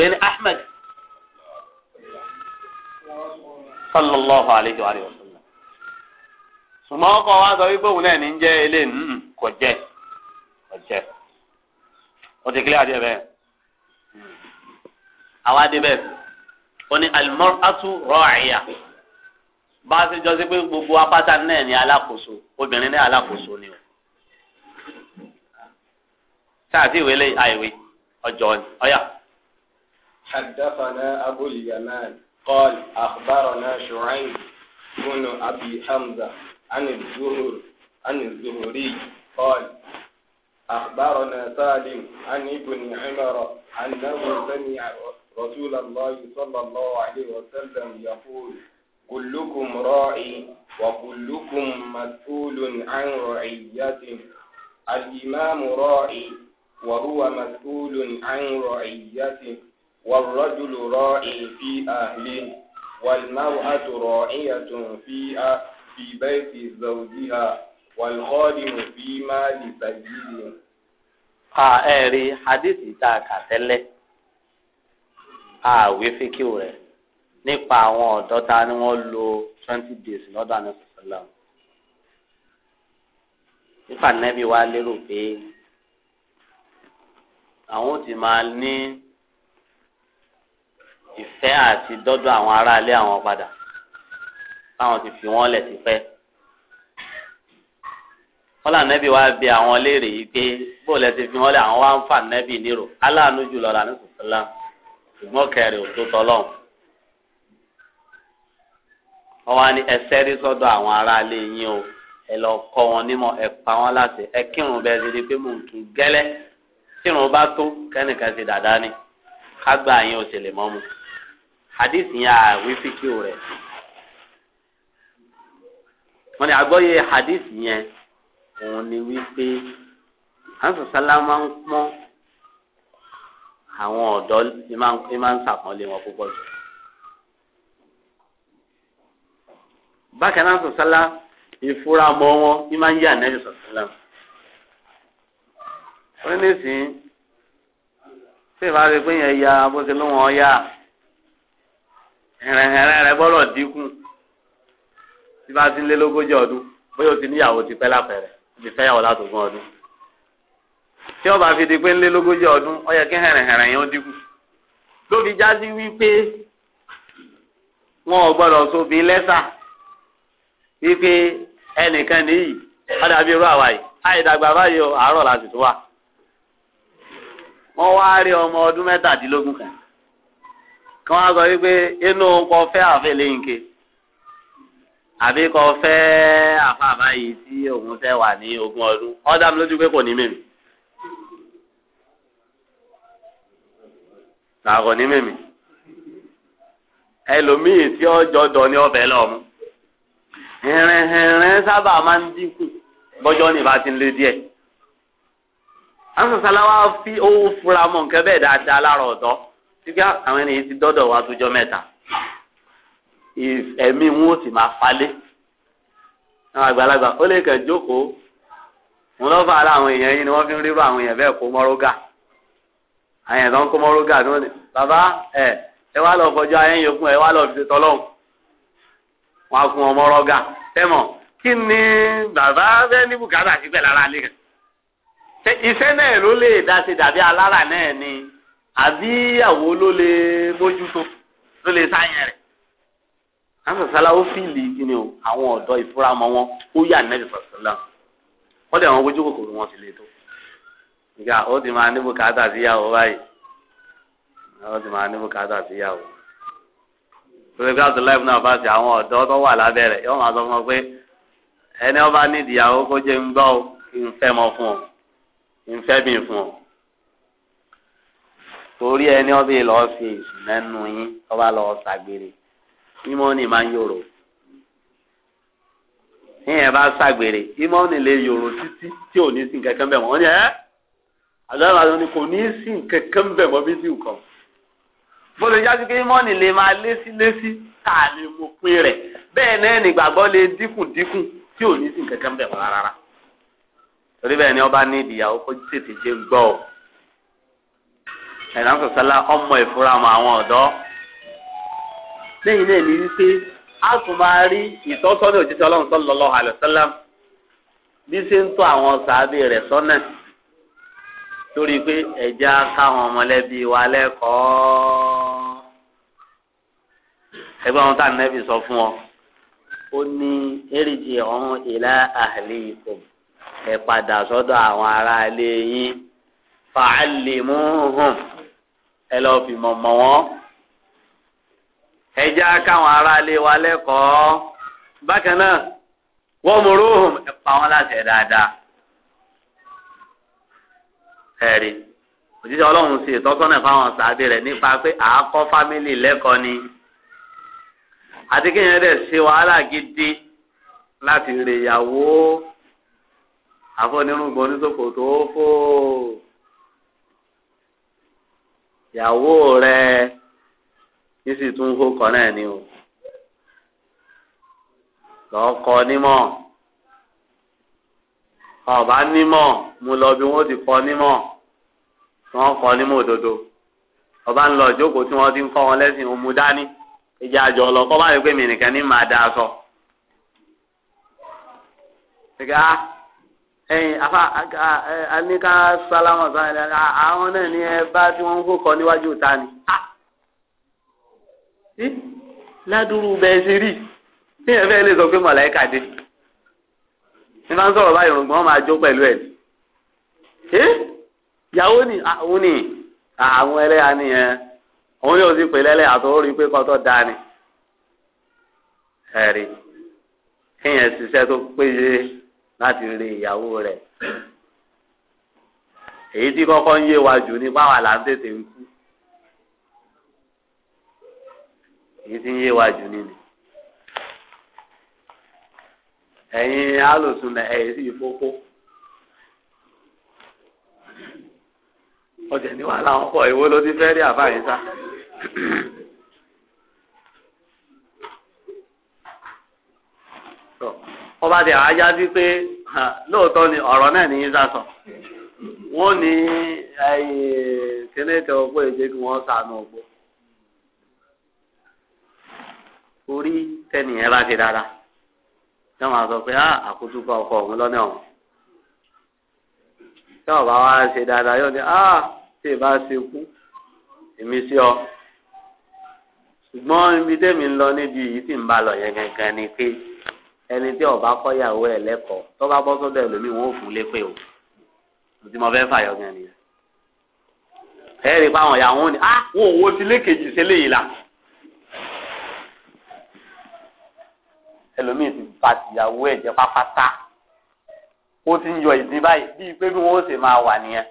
ní sallallahu alayhi wa ṣùgbọ́n ọkọ̀ wa sọ wípé òun náà ní jẹ́ ilé kò jẹ́ kò jẹ́ ó ti kílẹ̀ àdìẹ bẹ́ẹ̀ àwa dé bẹ́ẹ̀ ó ní al-mar'atu ra'iya bá a ṣe jọ sí pé gbogbo apáta náà ní alákòóso obìnrin náà alákòóso ni o sáàtì ìwé lé àìwé ọjọ́ ni ọ̀yà. حدثنا أبو اليمان قال أخبرنا شعيب بن أبي حمزة عن الزهر عن الزهري قال أخبرنا سالم عن ابن عمر أنه سمع رسول الله صلى الله عليه وسلم يقول كلكم راعي وكلكم مسؤول عن رعيته الإمام راعي وهو مسؤول عن رعيته والرجل راعي في أهله والمرأة راعية في أهله في بيت زوجها والخادم في مال سيده a ẹ rí hadithi tá a kà tẹ́lẹ̀ a wí fíkìw rẹ̀ nípa àwọn ọ̀dọ́ ta ni wọ́n lò twenty days lọ́dọ̀ anasasala nípa nẹ́bí wa lérò pé àwọn ò ti máa ní ìfẹ́ àti dọ́dọ̀ àwọn aráalé àwọn padà táwọn ti fi wọn lẹ̀ ti fẹ́ wọn là nẹ́bí wa bí àwọn léèrè yìí pé bó lẹ ti fi wọn lẹ̀ àwọn wa ń fà nẹ́bí nírò aláàánú jù lọ́la ní sùsùlá ṣùgbọ́n kẹrin ò tó tọ́lọ́hùn wọn wá ní ẹsẹ́ rí sọ́dọ̀ àwọn aráalé yín o ẹ lọ kọ́ wọn nímọ̀ ẹ pa wọn láti ẹ kírun bẹ́ẹ̀ ti di pé mò ń kí gẹ́lẹ́ tírun bá tó kẹ́nìkan ti dàda ni ká gba àyín òṣèlè mọ́ mu hadith yẹn àwífíkì rẹ̀ wọ́n ní àgbọ́yé hadith yẹn òun ni wípé hansasala máa ń pọ́n àwọn ọ̀dọ́ ní máa ń sàpọ́nlé wọn púpọ̀ jù. bákan náà hansasala ìfura mọ́ wọn ní máa ń yà nẹ́bí sọ̀tẹ́lẹ̀. wọ́n ní sìn tí ìbá rí pé yẹn ya bó ṣe ló wọ́n yá ẹ̀rẹ̀hẹ̀rẹ̀ rẹ̀ gbọ́dọ̀ dínkù. tí bá ti ń lé lógójì ọdún bóyá o ti níyàwó ti pẹ́ lápẹ̀rẹ̀ o fẹ́yàwó látògùn ọdún tí ọba fi di pé ń lé lógójì ọdún ó yẹ kí hẹ̀rẹ̀hẹ̀rẹ̀ yẹn ó dínkù wípé wọn ò gbọdọ̀ sóbi lẹ́sà wípé ẹnìkan nìyí bíi irú àwa yìí àìdàgbà báyìí o àárọ̀ tó wọ́n wá rí ọmọ ọdún mẹ́tàdínlógún kan kí wọ́n á sọ wípé inú àbí kò fẹ́ àfààmà yìí tí òun fẹ́ wà ní ogún ọdún ọ̀dà mi lójú pé kò ní mèmí. Nàgọ̀ ní mèmí. Ẹlòmíì tí ọjọ́ dọ̀ ní ọbẹ̀ lọ́mú. Hẹ̀rẹ̀hẹ̀rẹ̀ sábà máa ń dínkù bọ́jọ́ ní ìbá ti ń lé díẹ̀. Asọ̀sálá wa fi owó fura mọ̀ nǹkan bẹ́ẹ̀ dáadáa lára ọ̀dọ́. Sígá àwọn ènìyàn ti dọ́dọ̀ wa tó jọ mẹ́ta ẹ̀mí wọn ò sì máa falé àwọn àgbàlagbà ó lè kàn jókòó wọn lọ fà á láwọn èèyàn yìí ni wọn fi ń rírọ àwọn èèyàn bẹ́ẹ̀ kó mọrógà àwọn èèyàn tó ń kó mọrógà tó ní bàbá ẹ ẹ wá lọ fọjọ ayé yòókù ẹ wá lọ fi tọlọ́hùn wọn á fún ọ mọrógà tẹmọ kí ni bàbá bẹ́ẹ̀ ní bùkátà síbẹ̀ lára lè kàn iṣẹ́ náà ló lè dá sí dàbí alára náà ni àbí àwo ló lè mójútó ló lè sáyẹn rẹ̀ asasala ó fìlì kíni o àwọn ọ̀dọ́ ìfúramọ́ wọn ó yà nẹ́bí sàṣàlá wọ́n dẹ̀ wọ́n gbójú kòkòrò wọn ti lè tó nga ó ti máa ní bùkátà síyàwó báyìí ó ti máa ní bùkátà síyàwó pẹ̀lú bí àtúntò láìpẹ́ náà bá ti àwọn ọ̀dọ́ tó wà lábẹ́ rẹ̀ yóò máa sọ fún ọ pé ẹni ọba nídìí ìyàwó kó jẹ́ ń gbọ́ kí n fẹ́ mọ fún ọ kí bì fún ọ torí ẹni ọba yìí lọ́ọ́ fi ìsùn yín ọba lọ́ọ́ ṣàgbèrè ìmọ̀ọ́nì máa ń yòrò ìyẹn bá ṣàgbèrè ìmọ̀ọ́nì lè yòrò títí tí ò ní sí nǹkankan bẹ̀ wọ́n ní ẹ́ àdúrà ni kò ní sí nǹkankan bẹ̀ mọ́ bí sí nǹkan bó lè jáde pé ìmọ̀ọ́nì lè máa lésí lésí tá a lè mọ̀ pin rẹ̀ bẹ́ẹ̀ náà nígbàgbọ́ lè dínkù dínkù tí ò ní sí nǹkankan bẹ̀ wọ́n rárá torí bẹ́ẹ̀ ni ọba ní ìdìyàwó kó tètè ṣe gbọ́ ọ̀ ẹ̀dá sọ̀sálà ọmọ ìfúramọ̀ àwọn ọ̀dọ́ lẹ́yìn náà ni wípé a tún máa rí ìtọ́sọ́nà òjijì ọlọ́run sallallahu alaihi wasallam bí ṣe ń tọ́ àwọn sàábì rẹ̀ sọ́nà torí pé ẹ̀já káwọn mọ̀lẹ́bí wa lẹ́kọ̀ọ́ ẹgbẹ́ wọn táwọn nẹ́bí sọ fún ọ ó ní eréje ọ̀hún ìlà ahlikum ẹ padà sọ́dọ̀ àwọn aráalé yín fa'allimuhum ẹ lọ́ọ́ fi mọ̀mọ́ wọn ẹja káwọn aráalé wa lẹ́kọ̀ọ́ bákan náà wọ́n mú róhùn ẹ̀pà wọn láti ẹ̀ dáadáa ẹ̀rí òjíṣẹ́ ọlọ́run sì tọ́sọ́nà fáwọn sàádé rẹ̀ nípa pé àákọ́ fámìlì lẹ́kọ̀ọ́ ni àti kéèyàn dẹ̀ ṣe wàhálà gidi láti rè ìyàwó àfọ̀nirúgbọ̀n oníṣòkò tó fò ìyàwó rẹ̀ sísì tún hó kan náà ni o lọ́kọ nímọ̀ ọba nímọ̀ mo lọ bí wọ́n ti kọ nímọ̀ wọ́n kọ nímọ̀ òdodo ọba ń lọ ìjókòó tí wọ́n ti ń kọ́ wọn lẹ́sìn òmu dání ìjà àjọ ọlọ́kọ́ bá rí pé mi nìkan ní màá dáa sọ. ṣìgá ẹ̀yin afa a ní ká sálámọ̀ sáyẹn àwọn náà ní ẹ bá tí wọ́n ń kó kọ níwájú ta ni. Ah! ládùúrú bẹ́ẹ̀ ṣe rí tí ẹ fẹ́ lè sọ pé màláìka dé ní bá ń sọ̀rọ̀ báyìí òrùngbọ́n máa jó pẹ̀lú ẹ̀ ẹ́ ìyàwó ni àwọn ni àwọn ẹlẹ́yà nìyẹn òun yóò sì pè lẹ́lẹ́yà tó rí pé kọ́tọ́ da ni ẹ̀rí kéèyàn ṣiṣẹ́ tó péye láti rí ìyàwó rẹ̀ èyí tí kọ́kọ́ ń yé wa jù ní báwa là ń tètè ń kú èyí tí ń yé wa jù ní ni alòsùn náà ẹ̀yìn sì fókó ọjà ní wàhálà wọn pọ̀ ìwé ló ti fẹ́ rí àbáyé sá. wọ́n bá ti àájá sí pé lóòótọ́ ni ọ̀rọ̀ náà ní í sọ wọ́n ní kíní tó pé èdè kí wọ́n sànù ògbó. orí tẹnìyẹn bá ti dára tí wọn sọ pé ah, àkótúkọ ọkọ òun lọ́nà ọ̀hún tí wọn bá ṣe dáadáa yóò ní ah, tí ì bá ṣe kú èmi sí ọ ṣùgbọ́n ibi tẹ́mi ń lọ níbi yìí tí ń bá lọ yẹn gangan ni pé ẹni tí ọba kọ́yàwó ẹ̀ lẹ́kọ̀ọ́ tó bá bọ́ sọ́dọ̀ ẹlòmíì wọn ò fún lépè o tí mo fẹ́ fàyọ gan ni ẹ rí i pé àwọn ìyàwó ni ah wọn ò wo ti lékejì sí eléyìí là. ẹlòmíì ti fa tìyàwó ẹ̀ jẹ́ pápátá ó ti ń yọ ìdín báyìí bíi pé bí wọ́n ṣe máa wà nìyẹn.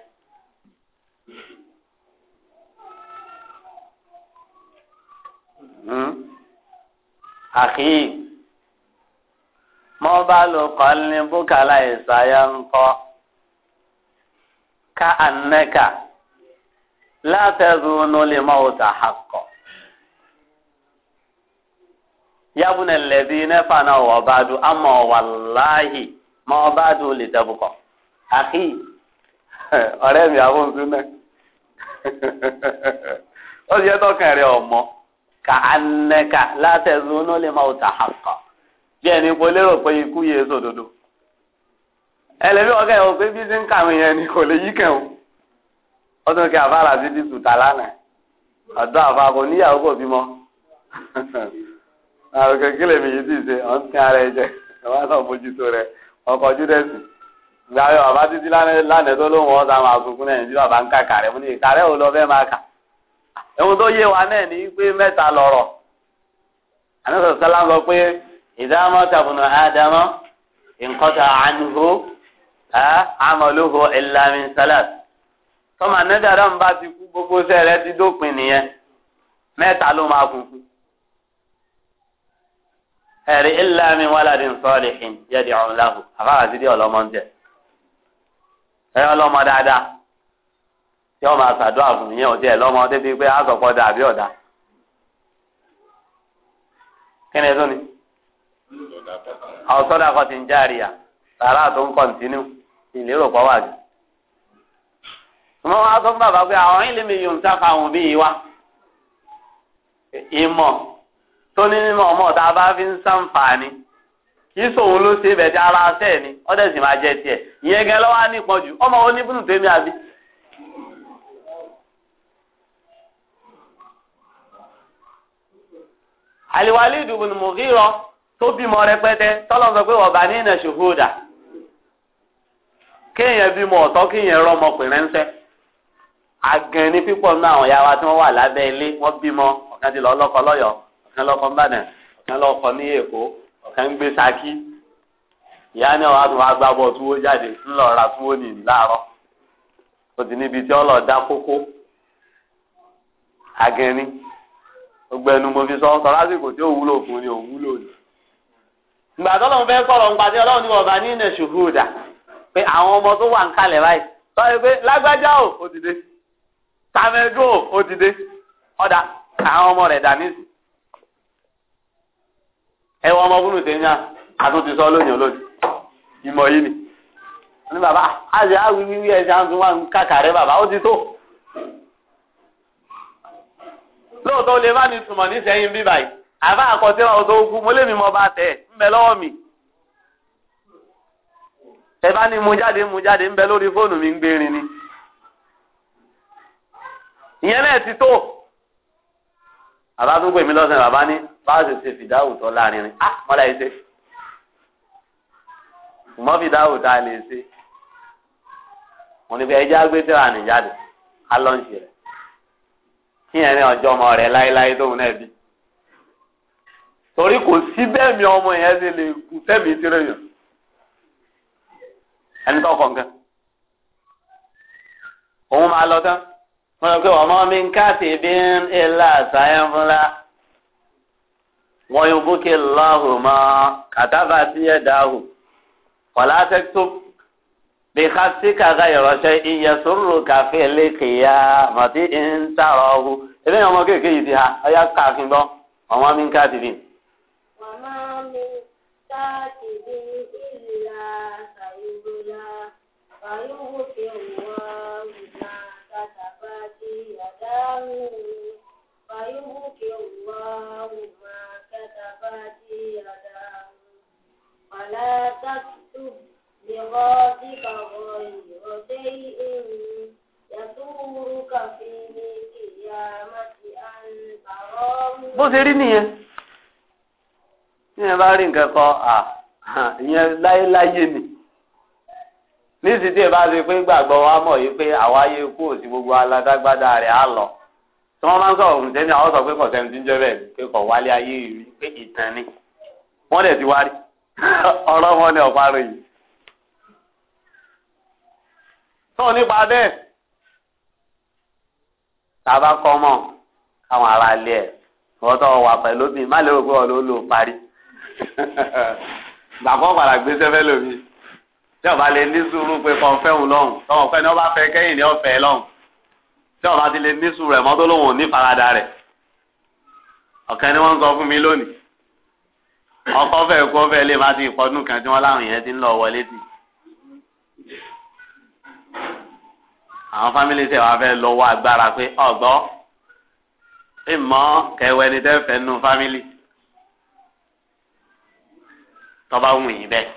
Hmm? àkì mọ bá lò kàn ní ìsàyà ń kọ ká ànẹkà látẹ̀zùnú lè mọ òtà àkọ́ yabuna lẹbi nẹfà náà wọ ọbaadu ama wàláhì ma ọbaadu lè dẹbùkọ àkì ọ̀rẹ́ mi àwọn ọdún náà ó sì yẹ tọkàn rẹ ọmọ ka anẹka látẹsùn ní ó lè máa ta àkọ bí ẹni kò lérò pé ikú yẹ sódodo ẹlẹbi ọkẹ yẹn o pé bí sí ń kàwé ni kò lè yí kẹ o ó tún kí afárá sí ti sùtà lánàá ọ̀dọ̀ àfàkò níyàwó kò bímọ. àwọn kékeré mi yìí ti ṣe ọ̀n tí ara ẹ jẹ ọba náà mójútó rẹ ọkọ̀ ojú dẹ́sì gba ayọ̀ bàbá títí lánàá tó lóun ọ̀sán máa sunkún nàìjíríà bá ń ka kàrẹ́ fún ní kàrẹ́ ò lọ fẹ́ máa kà ẹ̀hun tó yé wa náà ní pé mẹ́ta lọ̀rọ̀ àníṣe sọ́lá ń sọ pé ìdámọ́ tàbùnà ádámọ́ ìǹkọ́ta àánúhó àmọ́lóhó ìlàmì sálàt tọ́mà nẹ́dàdàn bá ti kú gbogbo sẹ́rẹ́ ti dópin nìyẹn mẹ́ta ló máa kú ẹ̀rí ìlàmì wàlàdì sọ́ọ̀lìhìn yẹ́dì ọ̀run láhù àfáà sí di ọlọ́mọ ń jẹ. ẹ ọlọ́mọ dáadáa tí ọ máa ṣàdúrà fún yẹn òtí ẹ lọ́mọ débi pé àsọpọ̀ dà ọ̀dà. kí ni tó ni. àwòsọ́dà kan ti ń jáàríyà sàrà tó ń kọ̀ǹtínú ìlérò pọ̀ wà sí. mo máa sọ fún bàbá pé àwọn ìlú mi yòó ń sáfà tó ní mímọ̀ ọmọ ọ̀tá bá fi ń kì í ló ṣe bẹ̀ẹ́ ara ṣẹ́ ni ọ̀dẹ̀ sì máa jẹ tiẹ̀ ìyẹn gan lọ́wọ́ á ọmọ ni tó bímọ rẹpẹtẹ tọ́lọ́ sọ pé ọ̀bà ní ìnà ṣòfòdà kéèyàn bímọ kéèyàn rọ ńṣẹ́ pípọ̀ àwọn ìyá wa tí wọ́n wà lábẹ́ ilé wọ́n bímọ ọ̀kan lọ́kọ mbàdàn ọ̀kan lọ́kọ ní èkó ọ̀kan ń gbé saki ìyá ní ọ̀hún àtúwọ̀ agbábọ̀ túwó jáde ńlọ ra túwó nì láàárọ̀ ó ti níbi tí ọlọ́ dá kókó agẹrin gbogbo ẹnu mo fi sọ sọ lásìkò tí ò wúlò fún ni ò wúlò ni ìgbà tó lọ́n fẹ́ sọ̀rọ̀ ń pàṣẹ ọlọ́run ní ọ̀bà ní ìnà ṣùhúdà pé àwọn ọmọ tó wà ń kalẹ̀ báyìí sọ yìí pé lágbájá ò ó ti tàmẹ́dù ò ó ti ọ̀dà àwọn ọmọ rẹ̀ dà nísì ẹ wọ ọmọ búrú tèmi à àtúntì sọ lónìí olóòtú ìmọ̀ yìí ni ní bàbá àti àwọn wíwí ẹ̀sìn àti wọn kàkàrẹ́ bàbá ó ti tó lóòótọ́ lè má ní túmọ̀ nísẹ́yìn bí báyìí àbá àkọsílẹ̀ ọ̀tọ̀ ogun mo lè mi bá tẹ̀ ń bẹ lọ́wọ́ mi ẹ bá ní mu jáde mu jáde ń bẹ lórí fóònù mi ń gbérin ni ìyẹn náà ti tó bàbá tó pè mí lọ́sẹ̀ bàbá ní báàsì ṣe fìdáwù tọ́ láàrin rìn ah mọ́lá yìí ṣe mọ́ fìdáwù tá a lè ṣe wọn ni pé ẹjẹ́ agbésẹ́ra nìjáde á lọ́ǹṣì rẹ̀ kí yẹn ní ọjọ́ ọmọ rẹ̀ láéláé tóun náà bí torí kò sí bẹ́ẹ̀ mi ọmọ yẹn ṣe lè kú sẹ́mi tí rẹ̀ yàn ẹni tó kọ̀ nǹkan òun máa lọ tán wọn pe ọmọ mi ń káàtì bí ń ilá àtàyẹn fúnlá wọn yóò bókè lọhùn mọ kàtàbà sí ẹdá hù kọlá tẹtù bí kásíkà ká ìrọṣẹ iye sòrò kàfé lẹkìyà mọtí ń tààrọ ebi ní ọmọ kéèké yìí ti ha ọyá káàfin gbọ ọmọ mi ń káàtì bí. فيبقي الله ما كتبت يداه ولا تكتب بغاتك غير bó ṣe rí nìyẹn níyẹn bá rí nǹkan ìyẹn láyéláyé bá ṣe pé gbàgbọ́ wa mọ̀ pé àwa yẹ kú òsì tí wọ́n máa ń sọ̀rọ̀ ọ̀hún sẹ́ni àwọn sọ pé kò sẹ́ni tí ń jẹ́ bẹ́ẹ̀ pé kò wálé ayé rí pé ìtàn ni wọ́n dẹ̀ ti wá rí ọ̀rọ̀ wọn ni ọ̀parọ̀ yìí. tó nípa bẹ́ẹ̀ tá a bá kọ́ ará ilé ẹ̀ wọ́n tọ́ wà pẹ̀lú mi má lérò pé ọ̀lọ́ ló parí gbàgbọ́ padà gbé sẹ́fẹ́ lómi tí ọba lè ní sùúrù pé kọ́ fẹ́ òun lọ́hùn tọ́wọ́ fẹ́ ni wọ́n bá fẹ́ kẹ́yìn ni wọ́n lọ́hùn tí ọba ti lè nísù rẹ̀ mọ́tò lòun ò ní farada rẹ̀ ọ̀kẹ́ ni wọ́n ń sọ fún mi lónìí ọkọ fẹ́ kó fẹ́ lè má ti ìkọ́dún kan tí wọ́n láwọn yẹn ti ń lọ wọlé tì àwọn fámìlì tẹ̀ wá fẹ́ lọ́wọ́ agbára pé ọ̀gbọ́ ìmọ̀ kẹwẹ́ ni tẹ́ fẹ́ nu fámìlì tọ́ba wù yín bẹ́ẹ̀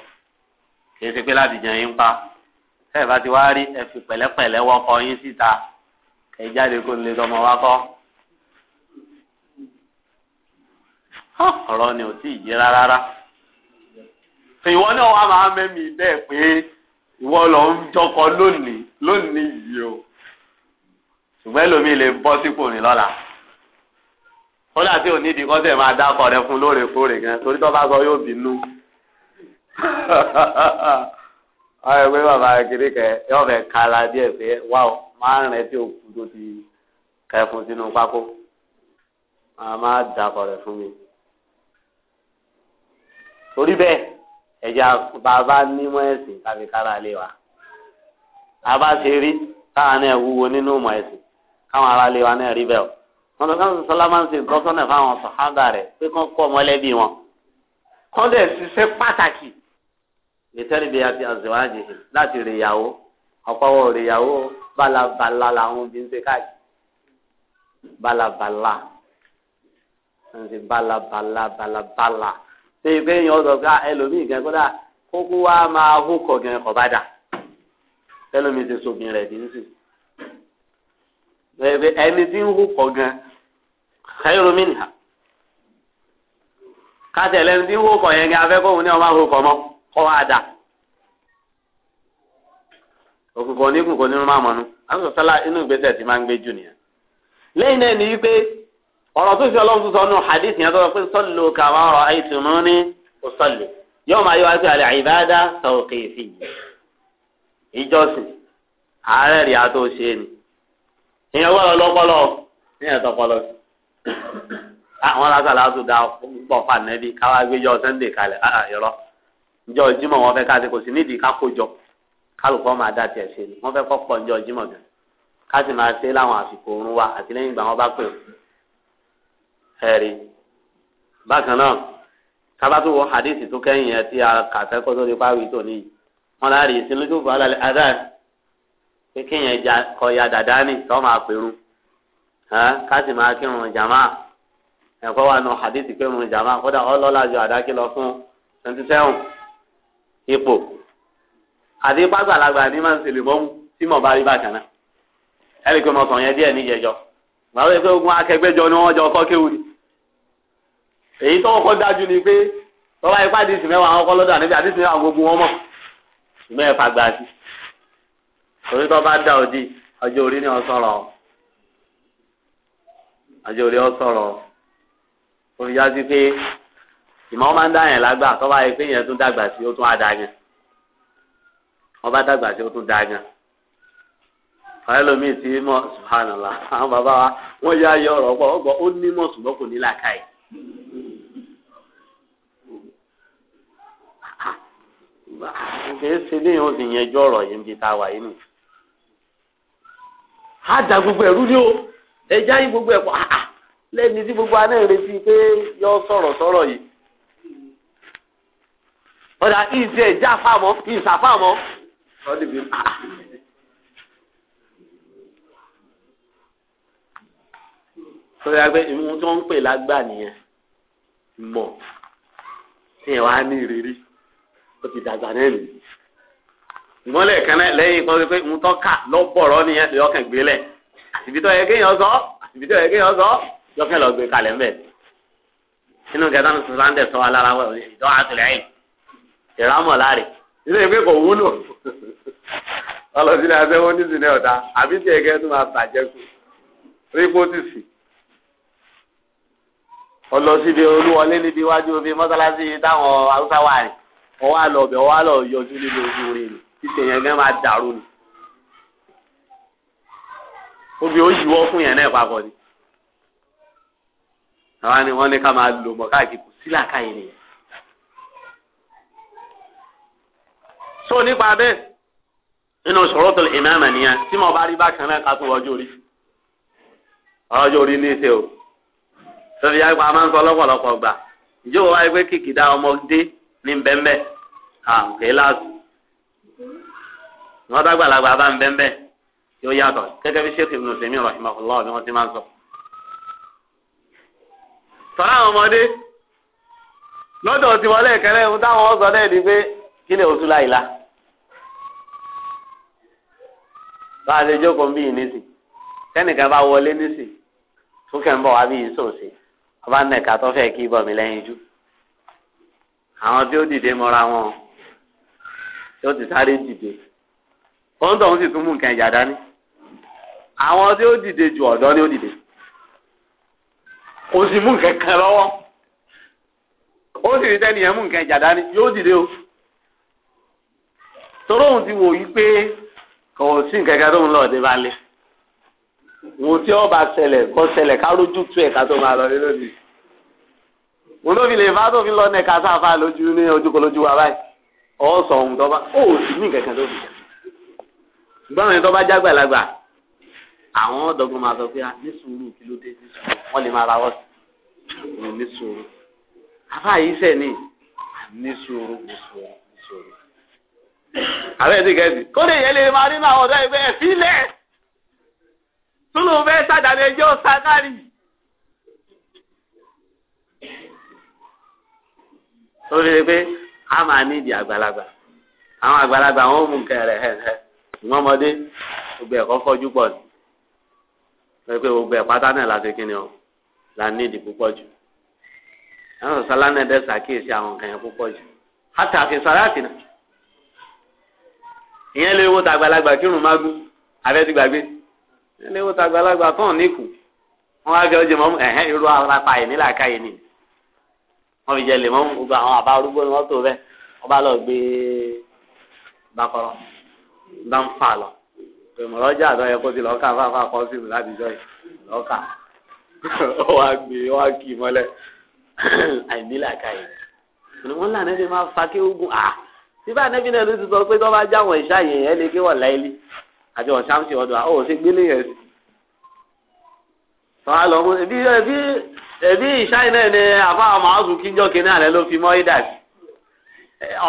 kì í ṣe pé láti jẹun yín pa ẹ bá ti wá rí ẹ fi pẹ̀lẹ́pẹ̀lẹ́ wọ́kọ yín síta ẹ kó lè tọmọ wa kọ́ ọ̀rọ̀ ni ò tí ì yé rárá ìwọ náà wà máa mẹ́mí bẹ́ẹ̀ pé ìwọ lọ ń jọkọ lónìí lónìí yìí o ṣùgbọ́n ẹlòmíì lè bọ́ sípò ní lọ́la kódà tí ò ní ìdí kọ́sẹ̀ máa dákọ̀ rẹ fún lóòrèkóòrè gan torí tó bá sọ yóò bínú ọ̀rẹ́ pé bàbá kiri kẹ yóò díẹ̀ pé wá o wọn á rìn tí òkú tó ti kẹfun sínú pákó màá má dàkọ rẹ fún mi torí bẹ́ẹ̀ ẹ̀já bàbá nímọ̀ ẹ̀sìn tàbí kára lé wa bàbá ṣe rí káwọn náà wúwo nínú ìmọ̀ ẹ̀sìn káwọn ará lé wa náà rí bẹ́ẹ̀ o wọn lọ káwọn fáwọn sàhábà rẹ̀ pé kán kọ́ mọ́lẹ́bí wọn kán ṣiṣẹ́ pàtàkì lè àti àzẹ̀wájì láti rè ìyàwó ọ̀pọ̀ balabala làwọn obìnrin ṣe káàkiri balabala ṣe balabala balabala ṣe pé èèyàn sọ pé ah, ẹlòmíì gan kódà kókó wa máa hó gan kọ bá dà ẹlòmíì ṣe sobìn rẹ ní sí ṣe pé ẹni tí ń hó gan ẹlòmíì nìyà kátẹ lẹni tí ń hó yẹn gan afẹ́kọ̀ọ́ ní ọmọ hó mọ́ kọ́ wa dà òkùnkùn oníkùn kò ní rún màmọ́nú àwọn sọ̀tàlá inú ìgbésẹ̀ ti máa ń gbé jù nìyẹn. lẹ́yìn náà ni wípé ọ̀rọ̀ tó fi ọlọ́run tó sọ nù hadith yẹn tó sọ pé sọ́lù kàmá ọ̀rọ̀ àìtùnú ní òsọ̀lù yóò máa yọ wáyé àlẹ́ àìbáadá sọ̀kè sí i. ìjọsìn ààrẹ rí ató ṣe ni ìyẹn wọ́n lọ ìyẹn tó sí. àwọn lásàlá tó da fà nẹ́bí káwá gbéjọ́ sunday kalẹ̀ ah, ah, kálukọ́ máa dá tiẹ̀ ṣe ni wọ́n fẹ́ kọ́ pọ̀ ní ọjọ́ Jímọ̀ gan ká sì máa ṣe láwọn àsìkò oorun wa àti lẹ́yìn ìgbà wọn bá pè ẹ̀rí bákan náà kábàtú wọ hadithi tó kẹ́yìn ẹ̀ tí a kà sẹ́kọ́ tó di páwí tó níyì wọn láàrin ìsinlójú fún alẹ́ adá pé kéèyàn kọ ya dàdá ní tó máa pèrú ká sì máa kírun jàmá ẹ̀kọ́ wa nù hadithi pé mu jàmá kódà ọlọ́lá ju àdákí lọ fún twenty seven ipò àti pàgbàlagbà ní máa ń ṣèlè bọ́mú tí mo bá rí bàtàn náà ẹnì pé mo sàn yẹn díẹ̀ níjẹjọ gbàgbé pé ogun akẹgbẹ́jọ ni wọ́n jọ kọ́ kéwù èyí tó kọ́ dájú ni pé tọ́wá ipá àdìsí mẹ́wàá àwọn kọ́ lọ́dọ̀ àníbi àdìsí mẹ́wàá gbogbo wọn mọ̀ ṣùgbọ́n ẹ̀fà gbà sí torí tó bá dà òdì ọjọ́ orí ni ọ sọ̀rọ̀ ọjọ́ orí ọ sọ̀rọ̀ ó sí pé ìmọ̀ máa ń dá yẹn lágbà tọ́wá ipé yẹn tún dàgbà sí ó tún á dá yẹn ọba dàgbà tí ó tún da gan ọ̀rẹ́ lomi ti mọ̀ subhanallah àwọn bàbá wa wọ́n yá ayé ọ̀rọ̀ pọ̀ ọgbọ́n ó ní mọ̀ ṣùgbọ́n kò ní làákàyè. kìí ṣe ní ìhun sì yẹn ju ọ̀rọ̀ yìí ń bi ta wà yìí nù. a da gbogbo ẹ̀rú ni o ẹja yín gbogbo ẹ̀ pọ̀ lẹ́ni tí gbogbo aná ìrètí pé yọ sọ̀rọ̀ sọ̀rọ̀ yìí. ọ̀dà ìṣe ìjà fáàmọ́ ìṣàfáàmọ́ lọ́dún bíi pa. sọ́dọ̀ yà pé ìmú tí wọ́n ń pè lágbà nìyẹn mọ̀ tí ẹ̀ wá ní ìrírí ó ti dàgbà náà nìyí. ìmọ̀lẹ̀ kan náà lẹ́yìn kan pé ìmú tó kà lọ́bọ̀rọ̀ nìyẹn lè ọkàn gbélẹ̀ àtìbí tó yẹ kéèyàn sọ àtìbí tó yẹ kéèyàn sọ lọ́kàn lọ gbé kalẹ̀ mbẹ́. inú kẹta ní sọ́sán dẹ̀ sọ alára wẹ̀ ìdọ́ àtìlẹ́yìn ìrámọ̀ láre ilé ìwé kò wúlò ọlọ́sílẹ̀ àtẹ́wọ́ nísìnyí ọ̀dà àbí tí ẹ̀gẹ́ tó máa bàjẹ́ kú rìpótìsì ọlọ́síbi olúwọlé níbi iwájú omi mọ́sálásí táwọn haúsá wà rìn ọwọ́ àlọ́ ọ̀bẹ ọwọ́ àlọ́ yọjú nínú ojú rẹ̀ ni títí yẹn gẹ́ máa dàrú ni obì ó yíwọ́ fún yẹn náà papọ̀ ni àwọn ni wọ́n ní ká máa lò mọ́ káàkiri kò sílà káyìí nìyẹn. tó nípa bẹ́ẹ̀ nínú ṣòro tó ìmáàmà nìyẹn tí mo bá rí bákan náà ká tó wọ́n jórí ọjọ́ orí ní í ṣe o sọ́fi yá ipa máa ń sọ lọ́pọ̀lọpọ̀ gbà ìjọba wáyé pé kìkìdá ọmọdé ní bẹ́ńbẹ́ àǹkẹ́ láàzù wọn dàgbàlagbà bá ń bẹ́ńbẹ́ yóò yàtọ̀ gẹ́gẹ́ bí Sheikh Ibn Uthaymeen rahimahullah ni wọ́n ti máa ń sọ. sọ̀rọ̀ ọmọdé lọ́dọ̀ tiwọn lẹ́ẹ̀kẹ́rẹ́ ohun táwọn sọ lẹ́ẹ̀ ni pé kí ni òtún láìla. bá a lè jókòó bí yìí nísì kẹ́nìkan bá wọlé nísì tó kẹ́ ń bọ̀ wá bí yìí sòsè ọba nẹ̀ka tó fẹ́ kí bọ̀ mí lẹ́yìn jù àwọn tí ó dìde mọ́ra wọn tí ó ti sáré dìde òun tó ń sì tún mú nǹkan ìjà dání àwọn tí ó dìde ju ọ̀dọ́ ni ó dìde kò sì mú nǹkan kan lọ́wọ́ ó sì rí tẹ́niyẹn mú nǹkan ìjà dání yóò dìde o torí ti wò yí pé kò sí nǹkan kan tó ń lọ ọdẹ bá lé wọn tí ọba ṣẹlẹ̀ kọ ṣẹlẹ̀ kárójú tú ẹ ká tó máa lọ lónìí wọn ló fi lè bá tó fi lọ nẹka sáfà lójú ní ojúkọ lójú wa báyìí ọ sọ ohun tó bá ó sì ní nǹkan kan tó fi jẹ ṣùgbọ́n àwọn ẹni tó bá jágbàlagbà àwọn ọ̀dọ́gbọ́n máa sọ pé a ah, ní sùúrù kí ló dé ní sùúrù wọ́n lè máa rawọ́ sí ní sùúrù àfáà yìí sẹ́ni ah, ní sùúrù ní sùúrù ní sùúrù. àbẹ́ ti kẹ́sì kódé yẹn lè máa nínú àwọn ọdọ ìgbẹ́ e túlù fẹ́ sàdánù ẹjọ́ sàdánì. ó rí i pé a máa ní ìdí àgbàlagbà àwọn àgbàlagbà wọn ò mú kẹrẹ hẹhẹ ìwọn ọmọdé gbogbo ẹ̀kọ́ fọ́jú pọ̀ ní pé gbogbo ẹ̀ pátá náà láti kíni o là ní ìdí púpọ̀ jù àwọn sọ̀sálánà ẹ̀dẹ́sà kíyèsí àwọn nǹkan yẹn púpọ̀ jù àtàkì sàrà ìyẹn lè wo tàgbàlagbà kírun mágún abẹ́tìgbàgbé ìyẹn lè wo tàgbàlagbà tán níkù wọn wá fi ọjọ́ mọ́mú ẹ̀hẹ́n irú ara yìí nílà ká ni wọn fi jẹ lè mọ́mú gbogbo àwọn àbá arúgbó ni wọ́n tó bẹ́ẹ̀ wọ́n bá lọ gbé bakọ̀rọ̀ bá ń fà lọ ìmọ̀lọ́jà àdán yẹ kó ti lọ́ọ́ ká fáfá kọ́ sí mi láti jọ yìí lọ́ọ́ ká wọ́n á gbé wọ́n á kì í mọ́lẹ̀ àìnílà ká yìí ni wọ́n lànà ẹni máa fa kí ogun ah síbà nẹ́bí náà ló ti sọ pé tó bá já àwọn ìṣá yẹn yẹn lè ké wọ̀ láìlí àti wọ̀n sáàmùsì ọ̀dọ̀ àwọn òsè gbélé yẹn sí. sọ̀rọ̀ lọ fún ẹbí ẹbí ẹbí ìṣá yẹn náà ni àfa àwọn àásù kíjọ kínní àlẹ́ ló fi mọ́ ìdà sí.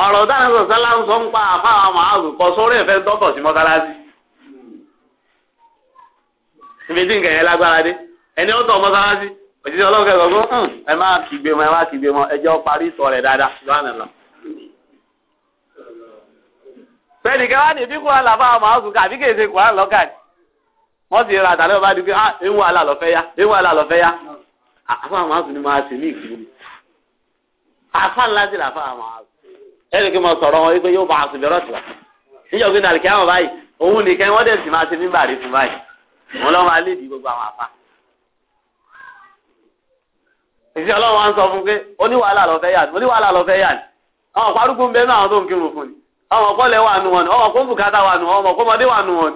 ọ̀rọ̀ dáná sọ sálá ń sọ ń pa àfa àwọn àásù kọ sórí ẹ̀fẹ́ tọ́tọ̀ sí mọ́sálásí. ibi tí nǹkan lágbára dé ẹni ó tọ̀ mọ́sálásí òjijì ọlọ́kẹ́ sẹ́nìkan wá ní ibi kúrò àlàfà àwọn àwọn àgùnkà àbí kèsè kúrò àlọ́kà ni wọ́n ti ra àtàlẹ́ ọba dùgbẹ́ ah ewu àlà lọ́fẹ́ ewu àlà lọ́fẹ́ àwọn àgùn ni máa ṣe ní ìgbìmọ̀ ńlá àwọn kí mo sọ̀rọ̀ wọn wípé yóò a sùnbẹ̀rọ̀ tiwa níjọ́ gbé nàlẹ́ àwọn báyìí òun wọ́n dẹ̀ sì máa fún báyìí wọn ọmọ kọ́lẹ̀ wà nù wọn ọmọ kó bùkátà wà nù wọn ọmọ kọ́mọdé wà nù wọn.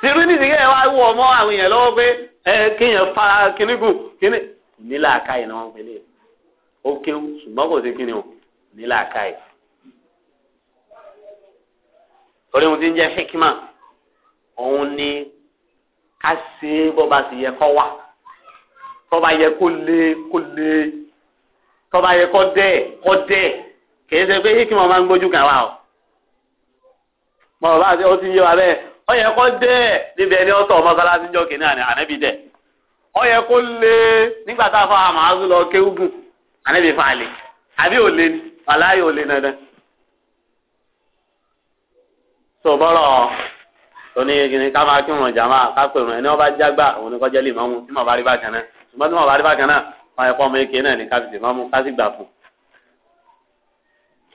tìrú ní ìdíkẹ́ wa wọ ọmọ àwọn èèyàn lọ́wọ́ pé ẹ kéèyàn fa kíníkù kíní. nílà àkáyè ni wọ́n pèlè ó kéwù ṣùgbọ́n kò sí kíni o nílà àkáyè. torí ohun tí ń jẹ́ hikima òun ni ká ṣe bó ba sì yẹ kọ́ wà tó bá yẹ kó lé kó lé tó bá yẹ kó dẹ́ kó dẹ́. kìí ṣe pé kí wọn máa ń gbójú kan wa o bá ó ti yé wa ọ yẹ kó dé níbi ẹni ọ̀tọ̀ mọ́sálásí jọ kìnìún àná ànábì ọ yẹ kó lé nígbà tá a fọ àmàlù lọ kéwùgùn ànábì fà lè àbí ò lè ní aláyè dandan tó tóní ká máa kí wọn jàmá ká pè wọn ẹni wọn bá òun ni kọjá lè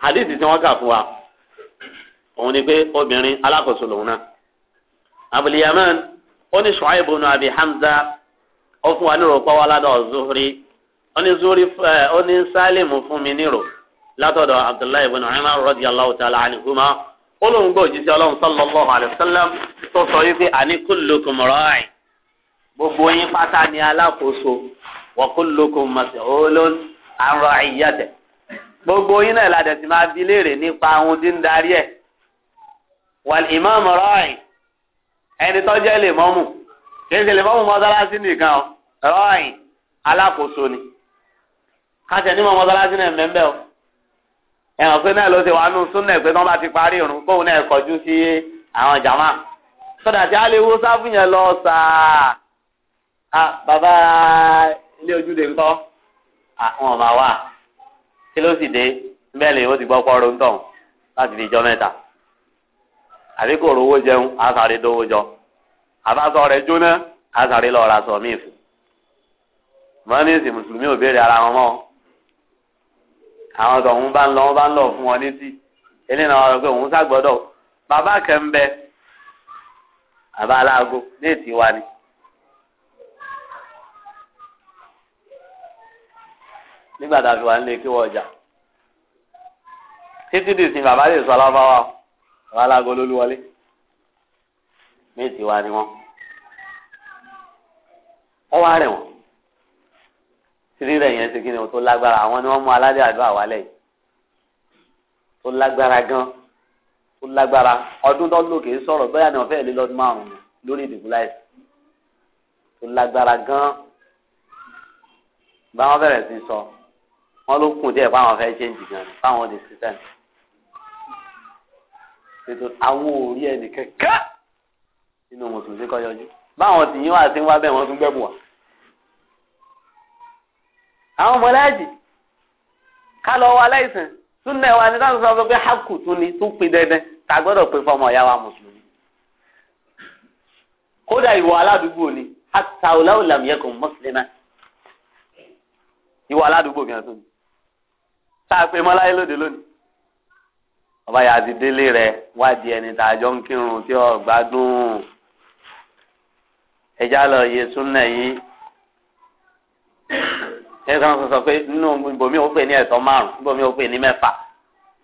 hadithi tí wọ́n kà fún wa òun ni pé obìnrin alákòóso lòun náà Abul Yaman ó ní Shu'aib ibn Abi Hamza ó fún wa nírò pọ́wọ́ ládọ̀ Zuhri ó ní Zuhri ó ní Sálímù fún mi nírò látọ̀dọ̀ Abdullahi ibn Umar radiyallahu ta'ala anhuma ó lóun gbọ́ òjíṣẹ́ Ọlọ́run sallallahu alayhi wa sallam tó sọ wípé àní kullukum ra'i gbogbo yín pátá ni alákòóso wa kullukum mas'ulun an ra'iyatihi gbogbo yín náà ládẹ̀ sì máa bi léèrè nípa ohun tí ń darí ẹ̀ wàl ìmáàmù rọ́ọ̀ì ẹni tó jẹ́ lè mọ́mù kì í ṣe lè mọ́mù mọ́sálásí nìkan o rọ́ọ̀ì alákòóso ni káṣẹ ní mọ́ mọ́sálásí náà mẹ́mbẹ́ o ẹ̀hàn pé náà ló ṣe wà nù súnà pé wọ́n bá ti parí irun kóun náà kọjú sí àwọn jàmá sọdà tí a lè wo sáfù yẹn lọ sàá ah, bàbá ilé ojúde ńkọ́ àwọn ah, ọ̀ma kí ló sì dé bẹ́ẹ̀ ó ti gbọ́ pọ́ọ́rọ́ ń tàn láti di ijọ́ mẹ́ta àbí kò rówó jẹun àsàrí dówó jọ àbáṣọ rẹ̀ jóná àsàrí lọ́ọ́ ra sọ míì fún mùsùlùmí ò ara wọn mọ́ àwọn tọ̀hún bá ń lọ wọn bá ń lọ fún wọn létí eléyìí náà wọn pé òun bàbá nígbà tá a fi wà nílé kí wọ́n jà títí dì sí bàbá lè sọ alábáwá bàbá alágo lólúwọlé méjì wa ni wọn wọ́n wá rẹ̀ wọ́n títí rẹ̀ yẹn ti kí ni o tó lágbára àwọn ni wọ́n mú aládé àdúrà wálẹ̀ yìí tó lágbára gan tó lágbára ọdún tó kìí sọ̀rọ̀ bóyá ni wọ́n fẹ́ẹ́ lé lọ́dún márùn lórí ìdìbò láìsí tó lágbára gan báwọn bẹ̀rẹ̀ sí sọ. So wọn ló kùn díẹ̀ fáwọn fẹẹ ṣe ń jìgàn ní fáwọn ní kristian ètò àwọn òrí ẹnì kẹkẹ nínú mùsùlùmí kọ yọjú báwọn tì yín wá sí wá bẹ́ẹ̀ wọ́n tún gbẹ́bùn wá. àwọn mọ̀lẹ́jì ká lọ wa láìsàn súnlẹ̀ wa ní táwọn sọ pé hákù tún ni tún pin dandan ká gbọ́dọ̀ pé fọmọ ìyá wa mùsùlùmí. kódà ìwọ aládùúgbò ni àtàwùláwùlàmù yẹ kò mùsùlùmí. ìwọ aládùúgbò kìí ọ̀tún ni tá a pè mọ́ láyé lóde lónìí ọba yà á ti délé rẹ wádìí ẹni tá a jọ ń kírun tí ọ gbádùn ẹjá lọ yẹ súnà yìí ẹ kàn sọ pé nínú ibòmí ò pè ní ẹ̀tọ́ márùn ibòmí ò pè ní mẹ́fà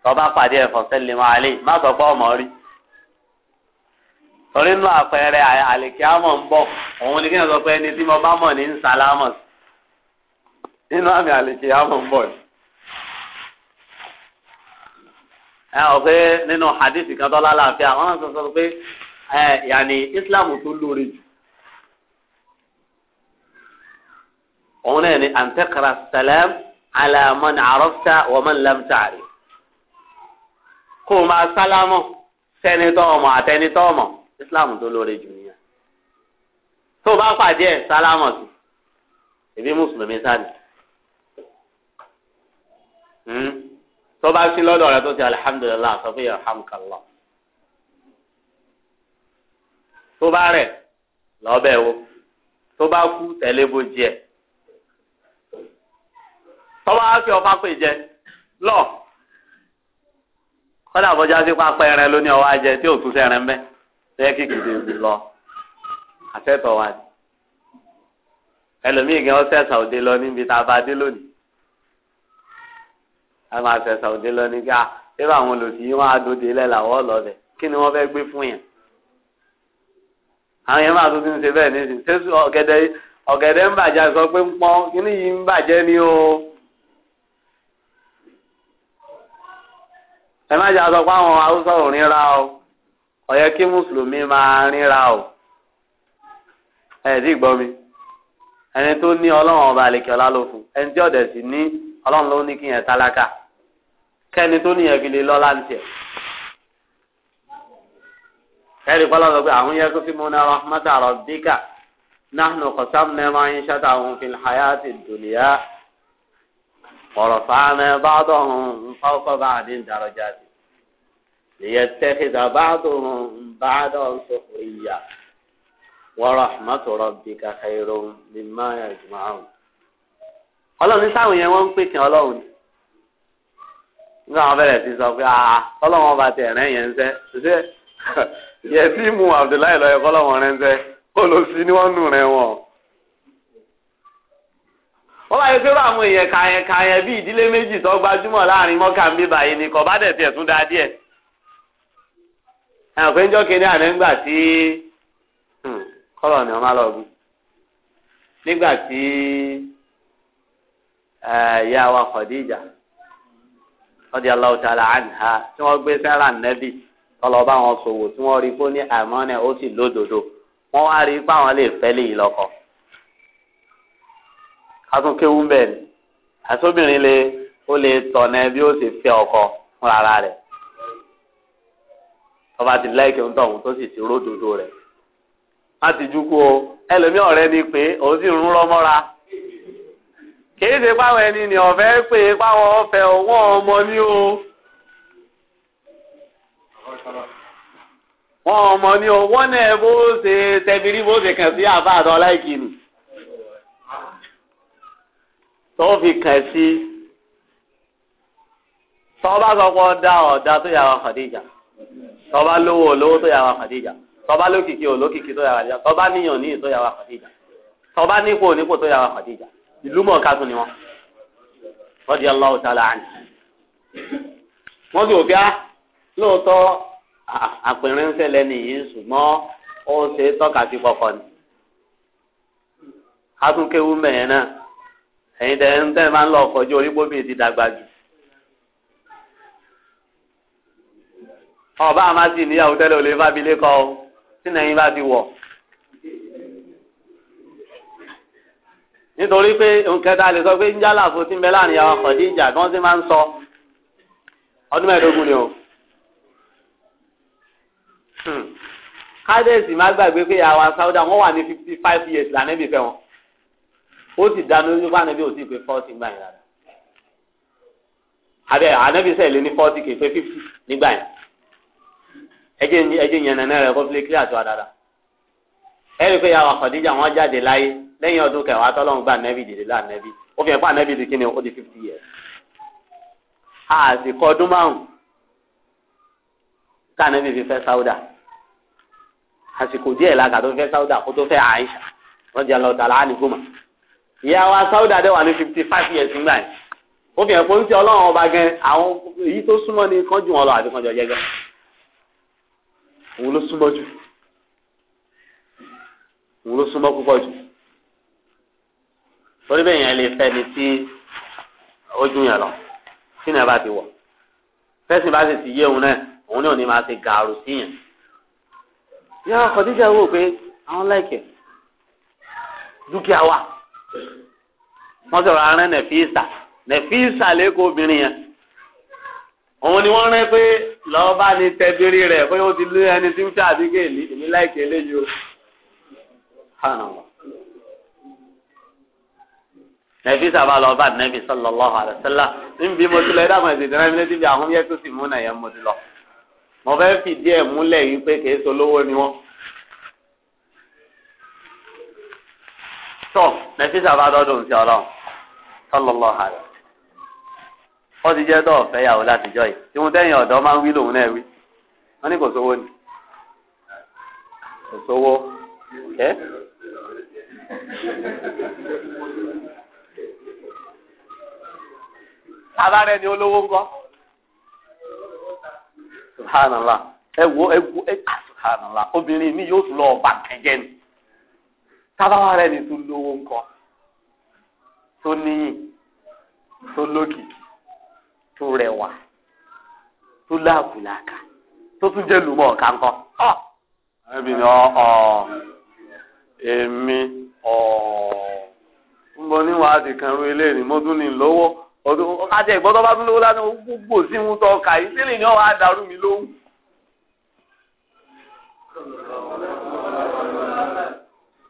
tọba pàdé ẹ̀fọ́ sẹ́lẹ̀ máa lè má sọ pé ọmọ rí torí nínú àpẹẹrẹ àlèkè àmọ̀ ń bọ̀ òun ni kí n sọ pé ẹni tí mo bá mọ̀ ní ń sálámọ̀ nínú àmì àlèkè àmọ̀ ń bọ̀ ni. ẹ ọ pé nínú hadith kan tọ́lá láàfin àwọn náà sọ pé ẹ yàní islam tó lóore jù òun náà ni antakara salam ala man arafta wa man lam ta'rif kó o máa sálámọ̀ sẹ́nitọ́ ọmọ àtẹnitọ́ ọmọ islam tó lóore jù nìyẹn tó bá pàdé ẹ̀ sálámọ̀ sí ebi mùsùlùmí sáà ni. Hmm? tó bá sí lọ́dọ̀ rẹ tó ti alihamudulilayi sọ fún yarhamukallah tó bá rẹ̀ lọ́bẹ̀ wo tó bá kú tẹ̀lé bó jẹ tó bá fi ọ̀fà pè jẹ lọ kọ́dà bọ́jà sí pápá ẹran lóní ọwọ́ ajẹ tí ò tún sẹ́rin mẹ́ tẹ́ kíkìdì lọ àtẹ́tọ̀ wa ni ẹlòmíì gan ọ̀sẹ̀ sàòdè lọ níbi tá a bá dé lónìí a máa fẹsà òde lọ ní ká ṣébà àwọn olùsí yìí wọn á dòde lẹ làwọn kí ni wọn fẹ́ gbé fún yẹn àwọn yẹn máa tó ti ń ṣe bẹ́ẹ̀ nísìnyí ṣé ọ̀gẹ̀dẹ̀ ọ̀gẹ̀dẹ̀ ń bàjẹ́ sọ pé ń pọ́n kíní yìí ń bàjẹ́ ni o. ẹ má jà sọ pé àwọn haúsá ò ríra o ó kí mùsùlùmí máa ríra o ẹ ti gbọ́ mi ẹni tó ní ọlọ́run ọba àlekè ló fún ẹni tí ọ̀dẹ̀ sì ní ọlọ́run ló ní kí yẹn tálákà kẹ́ni tó níyẹn fi lè lọ láǹtì ẹ̀. ẹ̀rí pé àwọn yẹn kó fi mú náà rahmata rabbika nahnu qasamna ma'ishatahum fil hayati dunya ورفعنا بعضهم فوق بعض درجات ليتخذ بعضهم بعضا rahmatu ورحمة ربك خير مما يجمعون ọlọ́run sáwọn yẹn wọ́n ń pè kí ọlọ́run nígbà wọn bẹ̀rẹ̀ sí sọ pé aa ah, kọ́lọ́wọ́n bá tẹ̀ rẹ́ yẹn ń sẹ́ ṣe yẹtí mu Abdullahi lọ́yẹ kọ́lọ́wọ́n rẹ́ ń sẹ́ kó ló sí ni wọ́n nù rẹ̀ wọ̀n. wọ́n bá yẹ pé bá àwọn èèyàn kàyẹn kàyẹn bí ìdílé méjì tó gbajúmọ̀ láàrin mọ́kà ń bí báyìí ni kò bá dẹ̀ tiẹ̀ tún da radiyallahu ta'ala anha tí wọ́n gbé sẹ́ra nẹ́bì tọ́lọ́ bá wọn ṣòwò tí wọ́n rí fún ní àmọ́nẹ ó sì lódodo wọ́n wá rí pé àwọn lè fẹ́ lè yí lọ́kọ. akúnkéwú bẹ́ẹ̀ ni àtòbìnrin lè ó lè tọ̀nà bí ó sì fẹ́ ọkọ fún ara rẹ̀ tọ́ba ti láìkè ń tọ̀hún tó sì ti ródodo rẹ̀ má ti jú kú o ni pé òun sì ń rún lọ́mọ́ra kìí ṣe páwọn ẹni ní ọ̀fẹ́ pé páwọn ọ̀fẹ́ ọwọ́ ọmọ ní o wọn ọmọ ní o wọn náà bó ṣe tẹbírí bó ṣe kàn sí àbá àdán láìkì tó fi kàn sí tọ́ba sọ pé ọ̀dà tó yàrá Khadija tọ́ba lówó olówó tó yàrá Khadija tọ́ba lókìkí olókìkí tó yàrá Khadija tọ́ba níyàn níyì tó yàrá Khadija tọ́ba nípò nípò tó yàrá Khadija ìlú mọ̀ọ́ká tún ni wọn rọ́dí aláwọ̀ tààlà àná. wọ́n ti òbí á lóòótọ́ àpẹẹrẹ ń ṣẹlẹ̀ ṣùgbọ́n ó ṣe tọ́ka sí kọ̀kọ́ ni. a tún kéwú mẹ́yẹn náà ẹ̀yin tẹ̀ ń tẹ́ máa ń lọ ọ̀fọ́jú orígbómi ti dàgbà jù. ọba àmásì níyàwó tẹ́lẹ̀ ò lè sínú ẹ̀yin bá ti wọ̀. nítorí pé nǹkan tá a lè sọ pé ń fún ti ń bẹ láàrin yàrá Khadija bí wọ́n ti máa ń sọ ọdún mẹ́ẹ̀ẹ́dógún ni o. Hmm. kádẹ́sì má gbàgbé pé àwa sáúdà wọ́n wà ní fifty five years lànàbí fẹ́ wọn ó sì dánú ní fànàbí ò sì pé forty gbà yẹn rárá abẹ ànàbí sẹ́ẹ̀lì ní forty kì í pé nígbà yẹn ẹjẹ ẹjẹ yẹn nànà rẹ kó fi lè kílíà tó ẹ rí i pé àwa Khadija wọ́n jáde láyé lẹ́yìn ọdún kẹwàá tọ́lọ́run gba nẹ́bì dìde lá nẹ́bì ó fi hàn pa nẹ́bì di kíni ó di fifty years àsìkò ọdún márùn ká nẹ́bì fi fẹ́ sáúdà àsìkò díẹ̀ la kà tó fẹ́ sáúdà kó tó fẹ́ àìsà wọ́n jẹ́ lọ́ọ́ tààlà ánìkùmà ìyá wa sáúdà dẹ̀ wà ní fifty five years ńgbà yẹn ó fi hàn pé oúnjẹ ọlọ́run ọba gan àwọn èyí tó súnmọ́ ni kán jù wọn lọ àbí kán jọ jẹ́gẹ́ òun ló súnmọ́ jù òun ló súnmọ́ púpọ̀ jù torí bẹ́ẹ̀ yẹn lè fẹ́ ni tí ojú yẹn lọ tí náà bá ti wọ̀ fẹ́sìn bá sì ti yé òun náà òun náà ní máa ti gàrú sí yẹn. yàrá kọ̀díjà wò pé àwọn láìkẹ̀ dúkìá wà wọ́n sọ̀rọ̀ arán nẹ̀fíìsà nẹ̀fíìsà lẹ́kọ̀ọ́ obìnrin yẹn òun ni wọ́n rẹ́ pé lọ́ọ́ bá ní tẹ́bírí rẹ̀ pé ó ti lé ẹni tí ń ṣàdígé ìlú ìlú láìkẹ́ lẹ́yìn o nàbí sábà lọ bá nàbí sallallahu alaihi wasallam níbi mo ti lọ ẹdá àwọn ìṣèjọba ẹni létí bí àwọn yẹn tó sì mú nàyẹn mo ti lọ mo fẹ́ fìdí ẹ̀ múlẹ̀ yìí pé kìí so lówó ni wọ́n. tọ́ nàbí sábà dọ́dún sí ọlọ́run sallallahu alaihi wọ́n ti jẹ́ dọ́ọ̀ fẹ́ yàwó látijọ́ yìí tí mo tẹ́yìn ọ̀dọ́ máa ń wí lòun náà wí wọ́n ní kò sówó ni kò sówó ẹ́. abára ẹni olówó ńkọ́. subhanallah ẹ wo ẹ wo ẹ ah, subhanallah obìnrin mi yóò lọ ọba kẹjẹ ni tábàwá rẹ ni tó lówó ńkọ́ tó níyìn tó lókìkí tó rẹwà tó láàbùlàkà tó tún ẹbí ọ ọ èmi ọ ń bọ níwájú kan ru eléyìí mo tún kájẹ ìgbọ́dọ̀ bá tún lánàá ó gbogbo sí ń tọ ọkà yìí sílẹ̀ ni ọ̀hún àdàrú mi lóhùn.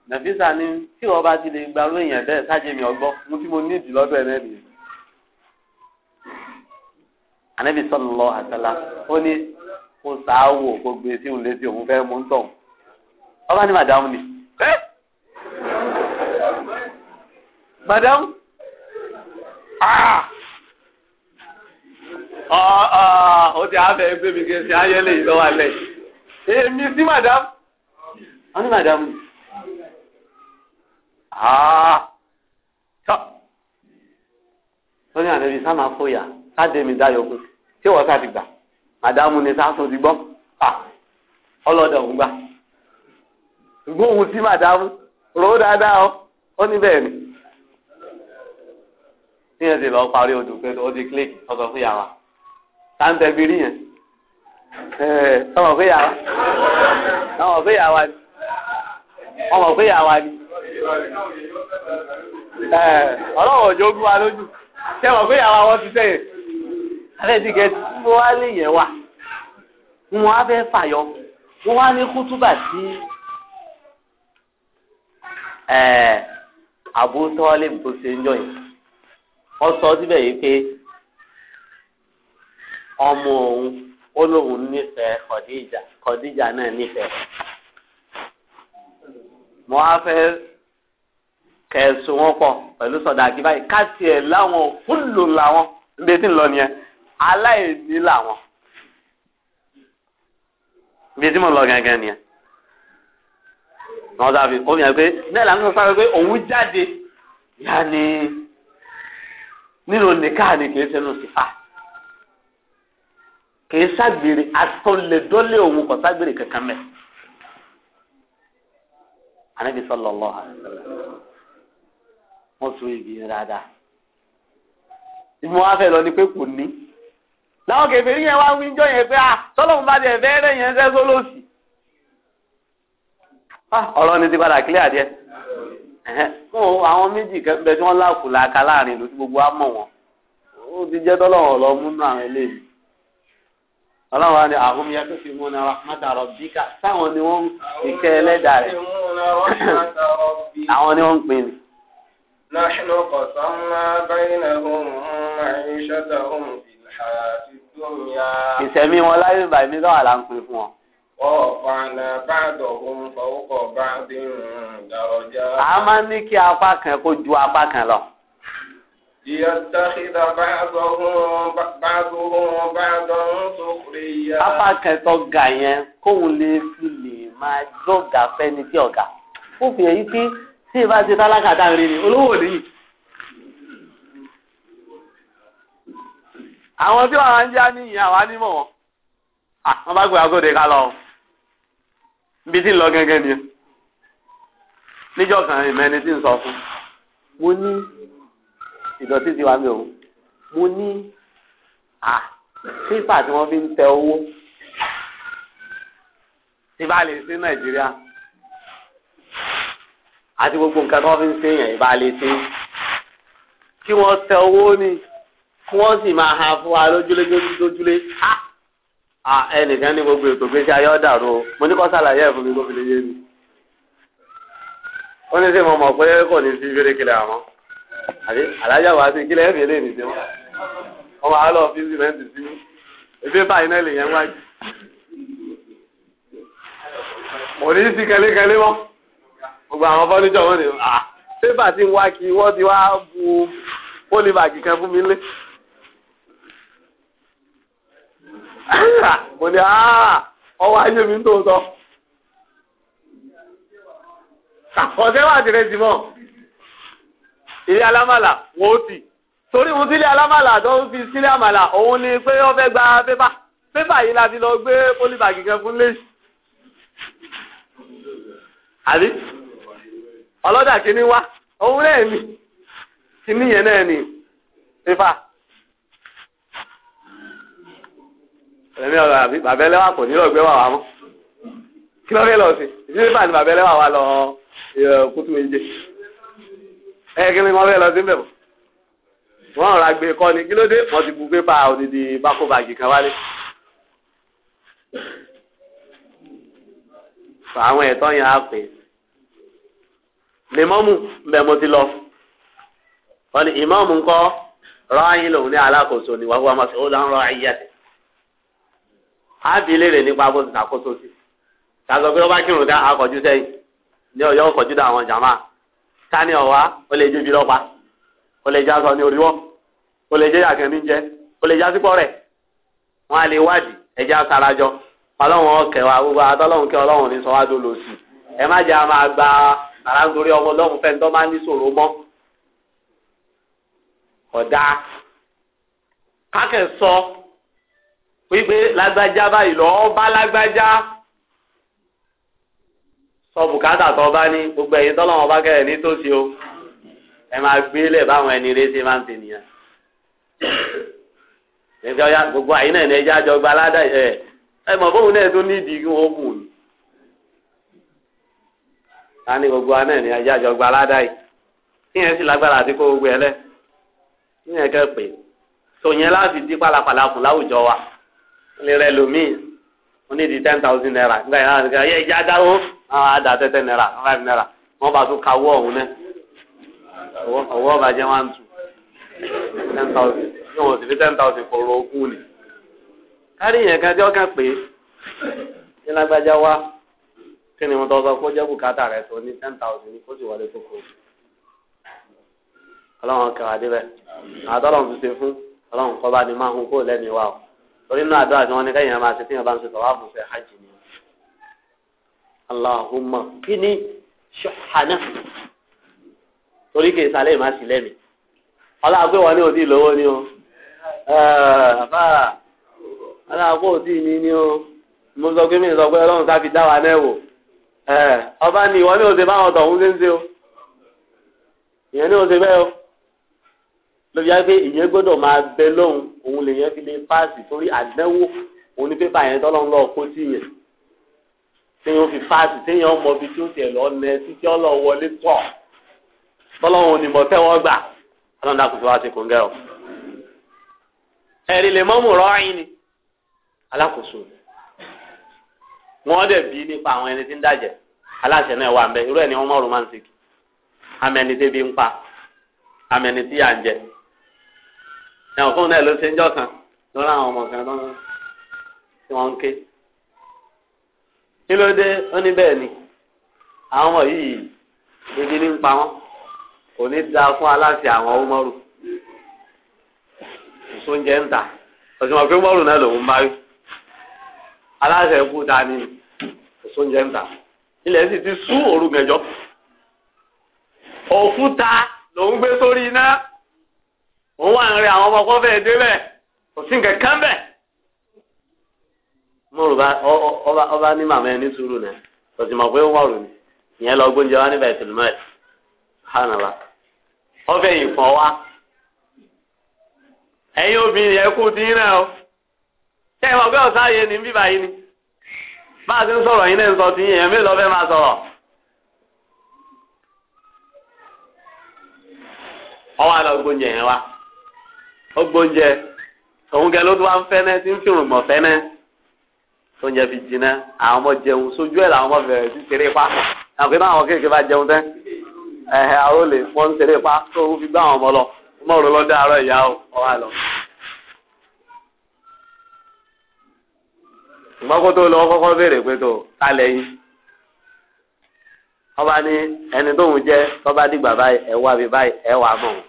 nàfíìsà ni tí wọn ti lè gbarú èèyàn bẹ́ẹ̀ sájẹmí ọgbọ́n mo tí mo nídìí lọ́dọ̀ ẹ náà nìyẹn. Ànábì sọlọ àtàlà ó ní kó sááwò kó gbé sí òun létí òun fẹ́ mú ń ọba ní màdámù ni. màdámù. Ah! Ah, ah, ó ti àfẹ́ ẹgbẹ́ esi kẹsì ayẹlẹ ìlọ́wọ́ alẹ́ Ee, sí madam madam Onye lórí àná ibi sáà máa fòyà sáde mi dáyọ̀ kù tí wọ́n sáà madam ni sáà madam tíyẹn ti lọ parí odò pé ó di kílíkì ọsọ fún yàrá táǹtẹ bí rí yẹn ọmọ fún yàrá ọmọ fún yàrá ni ọmọ fún yàrá ni ọlọ́wọ́ òjò gún wa lójú ṣé ọmọ fún yàrá wọn ti sẹ́yìn alẹ́ ti kẹ́ tí wọ́n á lè yẹn wà wọn á fẹ́ fàyọ wọn wá ní kútúbà tí àbútọ́lé bó ṣe ń yọ ọsọ síbẹ̀ yìí pé ọmọ òun ó lóun nífẹ̀ẹ́ kọ̀díjà kọ̀díjà náà nífẹ̀ẹ́ mo á fẹ́ kẹ̀sùn wọn pọ̀ pẹ̀lú sọ̀dà àkíbá yìí káàtì ẹ̀ láwọn fúlù làwọn níbi tí ń lọ nìyẹn aláìní làwọn níbi tí mo lọ gangan nìyẹn wọn dàbí ó yàn pé nílẹ̀ àwọn sọ pé òun jáde yá ni. Yani, nínú nìka ni kì í sẹnu sífà kì í ságbèrè àtọlẹdọlẹ òun kò ságbèrè kankan mẹ anabi sallallahu alaihi wasallam wọn sọ ibi yẹn dáadáa ìmọ̀ wa lọ ni pé kò ní làwọn kẹfẹ́rí yẹn wá wí jọ yẹn pé ah tọ́lọ́mù bá tiẹ̀ fẹ́ rẹ̀ yẹn sẹ́ sọ́lọ́sì ah, ọ̀rọ̀ ni ti padà kílẹ̀ àdìẹ kó àwọn méjì kẹ́ńbẹ́ tí wọ́n láàkù làákà láàrin ìlú tí gbogbo á mọ̀ wọn ó ti jẹ́ dọ́lọ́wọ̀ lọ múnú àwọn eléyìí ọlọ́wọ́ ni àwọn ọmọ yàtọ̀ fi múna rahmata rabbika táwọn ni wọ́n ìkẹ́ ẹlẹ́dà rẹ̀ àwọn ni wọ́n ń pè ní. نحن قسمنا بينهم معيشتهم في الحياة الدنيا. ìsẹ̀mí wọn láyé bàmí lọ́wọ́ là ń pè fún wọn ọ̀fàànà bàdọ̀ òun fọwọ́kọ̀ bá bí dàrọ̀jà. a máa ń ní kí apá kan kó ju apá kan lọ. ìyàtàkìdà bàdọ̀ òun bàdọ̀ òun bàdọ̀ òun sókè yá. apá kan tó ga yẹn kóun lè fi lè máa jọ̀gà fẹ́ni tí ọ̀gá. ó fi èyí pé tí ìbá ti tálákà dá rí ni olówó nìyí. àwọn tí wàá ń yá níyìn àwa nímọ̀ wọn. àwọn bá gbé àgọ́dẹ ká lọ bí tí ń lọ gẹ́gẹ́ ni níjọ́ kan ìmẹ́ni tí ń sọ fún mo ní ìdọ̀tí ti wá mi òun mo ní à pípà tí wọ́n fi ń tẹ owó tí bá lè sí Nàìjíríà àti gbogbo nǹkan tí wọ́n fi ń ṣe ìbá lè ṣe kí wọ́n tẹ owó ni kí wọ́n sì máa ha fún wa lójúlé lójúlé ah ẹnìkan ní gbogbo ètò gbèsè ayé ọ̀dàrú o mo ní kọ́ sàlàyé ẹ̀ fún mi gómìnà yé mi. ó ní sí mo mọ̀ pé kò ní sí fèrèkìlẹ̀ àmọ́ àbí alájà wa sí kílẹ̀ ẹ̀mí eléyìí ti wọ́n ọmọ àlọ́ fi sìmẹ́ǹtì sí ebi báyìí náà lè yẹn wájú. mo ní sí kẹlékẹlé wọn gbogbo àwọn fọ́níjọ́ wọn ni pépà ti ń wá kí wọ́n ti wá bu pólíbàgì kan fún mi lé. mo ní ah, ọwọ́ ayé mi ń tó sọ. ọ̀sẹ̀ wà tẹ̀lé sí mọ́ ilé alámàlà wọ́n ó tì torí ohun tí ilé alámàlà tó ń fi sílẹ̀ àmàlà òun ni pé wọ́n fẹ́ gba pépà pépà yìí la ti lọ gbé pólíbàgì kan fún léṣì. àbí ọlọ́dà kìíní wá òun náà ni kìíní yẹn náà ni pépà. ẹ̀mí ọ̀rọ̀ àbí bàbá ẹlẹ́wà kò ní ọ̀gbẹ́ wà wá mọ́ kí ló fẹ́ lọ sí ìdílé bá ní bàbá ẹlẹ́wà wà lọ kútu méje ẹ kí ni wọ́n fẹ́ lọ sí mẹ́fọ̀ wọ́n rà gbé kọ́ ni kí ló dé wọ́n ti bu pépà odidi bákó bàgì kan wálé. àwọn ẹ̀tọ́ yẹn á pè é lèmọ́mù bẹ́ẹ̀ mo ti lọ wọ́n ní ìmọ̀mù ńkọ́ rọ́ọ̀yìn lòun ní alákòóso ni wàhùwà máa ṣe ó lọ́n rọ́ọ̀yìn yẹn. ha bí léèrè nípa bó ti ṣàkóso sí ṣàtọ̀ pé ọba kírun a akọ̀jú sẹ́yìn ní ọ̀yọ́ ọkọ̀jú dá àwọn jàmáà ká ní ọwá ó lè jẹ́ o le ó lè jẹ́ aṣọ ní ó lè jẹ́ yàgàn ní ó lè á lè wádìí wa gbogbo àtọ́lọ́run kẹ́ ọlọ́run ní sọ wá dolo sí ẹ má jẹ́ a gba àrángorí ọmọ ọlọ́run fẹ́ tó máa wípé lágbájá báyìí lọ́ọ́ bá lágbájá sọ bùkátà tó bá ní gbogbo ẹ̀yin tọ́lọ́wọ́n bá kẹ́rẹ̀ nítòsí o ẹ máa gbélé báwọn ẹni rétí máa ń tè nìyẹn nígbà ya gbogbo àyín náà ní ẹjẹ́ àjọ gba aládà ẹ ẹ mọ̀ fóun náà tó nídìí kí wọ́n gùn yìí ká ní gbogbo àná ní ẹjẹ́ àjọ gba aládà yìí kíyẹn sì lágbára àti kó gbogbo ẹ lẹ kíyẹn kẹ pé sòyẹn láti di pálapàla kù láwùjọ wa lè rẹ lòmíì ní di ten thousand naira nígbà yẹn láti ká yẹ ìjà dáwó àwọn àdá tẹ́tẹ́ naira five naira wọ́n bá tún kawọ́ ọ̀hún náà ọwọ́ ọ̀bàjẹ́ one two ten thousand ní wọn sì fi ten thousand kọ̀ọ̀rọ̀ ogún ni kárí yẹn kan pé ní lágbájá kí ni mo tọ́ sọ kó jẹ́ bùkátà rẹ̀ tó ní ten thousand kó sì wọlé tó kó ọlọ́run kẹwàá débẹ̀ àtọ́lọ́run ti ṣe fún ọlọ́run kọ́ bá ní máa hun kó lẹ́mìí wá o torí náà àdúrà tí wọ́n ní kẹ́yìn máa ṣe tí wọ́n bá ń ṣe tọ́wọ́ àbùsẹ̀ hajj ni. Allahumma kí ni ṣọ́hánà torí kì í sálẹ̀ má sí lẹ́mìí. ọlọ́àgbé wọn ní òdì lówó ni o bá ọlọ́àgbé òdì ni o mo sọ pé mi sọ pé ọlọ́run sáfi dá wa náà wò ọba ni ìwọ ní òde báwọn tọ̀hún ṣe ń ṣe o ìyẹn ní òde bẹ́ẹ̀ o lóbi yàgbé ìyẹn gbọ́dọ̀ máa bẹ lọ́hùn òun lè yẹn fi lè páàsì torí àdánwò òun ní pépà yẹn tọ́lọ́ lọ kó sí yẹn téèyàn fi páàsì téèyàn mọ ibi tí ó tiẹ̀ lọ nẹ títí ọlọ́ wọlé pọ̀ tọ́lọ́ òun ni mọ̀ tẹ́wọ́ gbà ọlọ́dà kò fi wá sí kòńgẹ́ ẹ̀rí lè mọ́mù rọ́ọ̀yìn ni alákòóso wọ́n dẹ̀ bí nípa àwọn ẹni tí ń dàjẹ́ aláṣẹ náà wà ń bẹ irú ẹ̀ ni wọ́n mọ̀ rọ́ọ̀mù àmẹ́ni ń pa àmẹ́ni tí yà ń jẹ ẹ̀wọ̀n fún náà ló ṣe ń jọ kan lọ́rọ̀ àwọn ọmọ kan lọ́nà tí wọ́n ń ké kí ó ní bẹ́ẹ̀ ni àwọn ọmọ yìí ibi ní ń pa wọ́n kò ní da fún aláṣẹ àwọn ọmọrù oúnjẹ ń tà ọ̀sùnmọ̀ pé mọ́rù náà lòún bá rí aláṣẹ kú ta ni oúnjẹ ń tà ilẹ̀ sì ti sú òru gẹ̀jọ́ òkúta lòún gbé sórí iná. òun wà ń rí àwọn ọmọ kọfẹ débẹ̀ kò sí mo rò bá ọba ní màmá ẹ ní sùúrù náà pé ó wà lónìí ìyẹn lọ gbóúnjẹ wa níbẹ̀ tó lùmọ̀ ẹ̀ ọbẹ̀ yìí fọ́ wa ẹ̀yin obìnrin yẹn kú dín náà o ṣé ọ̀sán bíbá yìí ni bá a ti ń sọ̀rọ̀ yín náà ń sọ ti yẹn wa. ó gbóúnjẹ òun gẹ ló tún wá ń fẹ́nẹ́ tí ń fi rùn mọ̀ fẹ́nẹ́ tóúnjẹ fi jiná àwọn ọmọ jẹun sójú ẹ̀ làwọn ọmọ bẹ̀rẹ̀ sí ṣeré pa àfi náà àwọn kéèké bá jẹun tẹ́ ẹ̀hẹ́ àwọn olè wọ́n ń ṣeré pa tó ń fi gbá àwọn ọmọ lọ ọmọ òru lọ́dẹ àárọ̀ ìyá o ọ̀hà lọ. ṣùgbọ́n lọ kọ́kọ́ béèrè pé tó ta lẹ́yìn ọba ní ẹni tóun jẹ́ tọ́ba dìgbà báyìí ẹ̀ wá bí báyìí ẹ̀ wà mọ̀ wọn.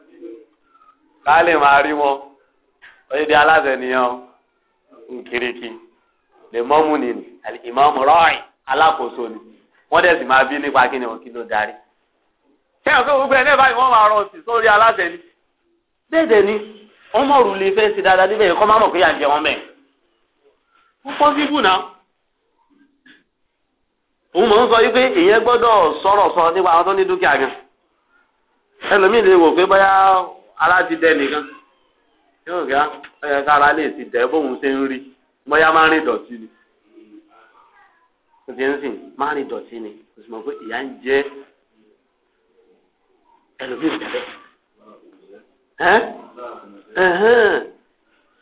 ká lè máa rí wọn ọ̀yẹ́dẹ́ aláṣẹ ni yan nkiriki lè mọ́mú ni ni ìmọ̀ọ́mù ni wọ́n dẹ̀ sì ma bí nípa kí ni wọ́n kí ló darí. ṣé ọ̀kẹ́ gbogbo ẹ̀ náà báyìí máa sórí ni. bẹ́ẹ̀ ni lè fẹ́ ṣe dáadáa níbẹ̀ kọ́ máa mọ̀ pé ń jẹ wọn pọ́ òun mọ̀ ń ara ti dẹ nìkan yóò gbà ẹ kára lè ti dẹ bóun ṣe ń rí bóyá má rìn dọ̀tí ni ṣe ń sìn má rìn dọ̀tí ni kò mọ̀ pé ìyá ń jẹ ẹlòmíì bẹ̀bẹ̀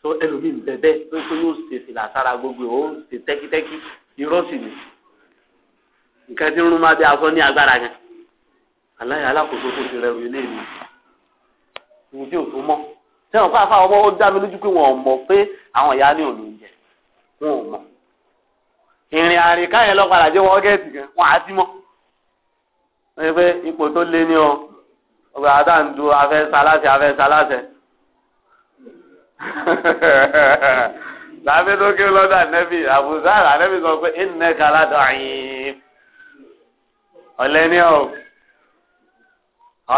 so ẹlòmíì bẹ̀bẹ̀ pé pé yóò ṣe fìlà sára gbogbo ò ń ṣe tẹ́kítẹ́kí irọ́ sì ni nǹkan tí ń rún má bí aṣọ ní agbára yẹn aláya alákòóso kò ti rẹrù ilé mi ní tí ò tó mọ́ sẹ́wọ̀n fún àfáà ọmọ ó dá mi lójú pé wọn ò mọ̀ pé àwọn ìyá ní òòlù jẹ wọn ò mọ̀ ìrìn àrìn káyọ̀ lọ́padà jẹ́ wọn gẹ̀ẹ́sì gan wọn á ti mọ́ wọ́n yẹ pé ipò tó lé ní ọ ọgbà àdáǹdu afẹ́ salásẹ afẹ́ salásẹ láàbí lókè lọ́dọ̀ ànẹ́bí àbùzá ànẹ́bí sọ pé ìnẹ́ka aládọ̀ àyìn ọ̀lẹ́ ní ọ̀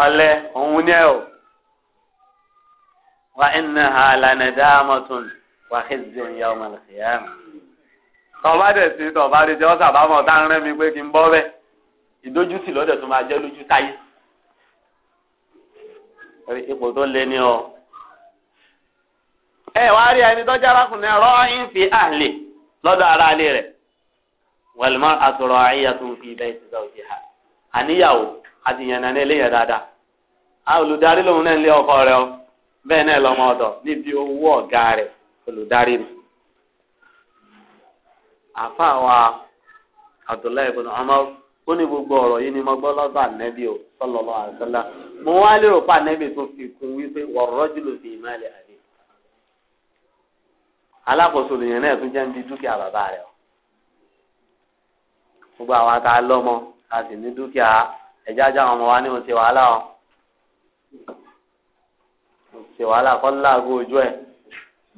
ọ̀lẹ́ òun ní ẹ̀ ọ̀. وإنها لندامة وخزي يوم wa tọba dẹ sí tọba dẹ jẹ ọsà bá mọ tá ń rẹ mi pé kí n bọ bẹ ìdójútì lọdẹ tó máa jẹ lójú táyé ipò tó lé ní ọ. ẹ wá rí ẹni tọ́jú arákùnrin ẹ̀rọ ń fi àlè lọ́dọ̀ ara alẹ́ rẹ̀ wẹ̀lmọ́ àtọ̀rọ̀ àyíyá tó ń fi ibẹ̀ ìtìsá òjì hà àníyàwó àti ìyànnà ní eléyà dáadáa olùdarí lòun náà ń lé ọkọ bẹ́ẹ̀ náà lọ́mọ ọ̀dọ̀ níbi owó ọ̀gá rẹ̀ olùdarí nù. àfa wa ó ní gbogbo ọ̀rọ̀ yìí ni mo gbọ́ lọ́dọ̀ ànẹ́bí o sallallahu alaihi wasallam mo wá lérò pa ànẹ́bí tó fi kún wípé fi àdé alákòóso náà tún jẹ́ ń dúkìá bàbá o gbogbo lọ́mọ a sì ní dúkìá ẹ̀já já ní oṣù wàhálà ṣe wàhálà kọ́ láago ojú ẹ̀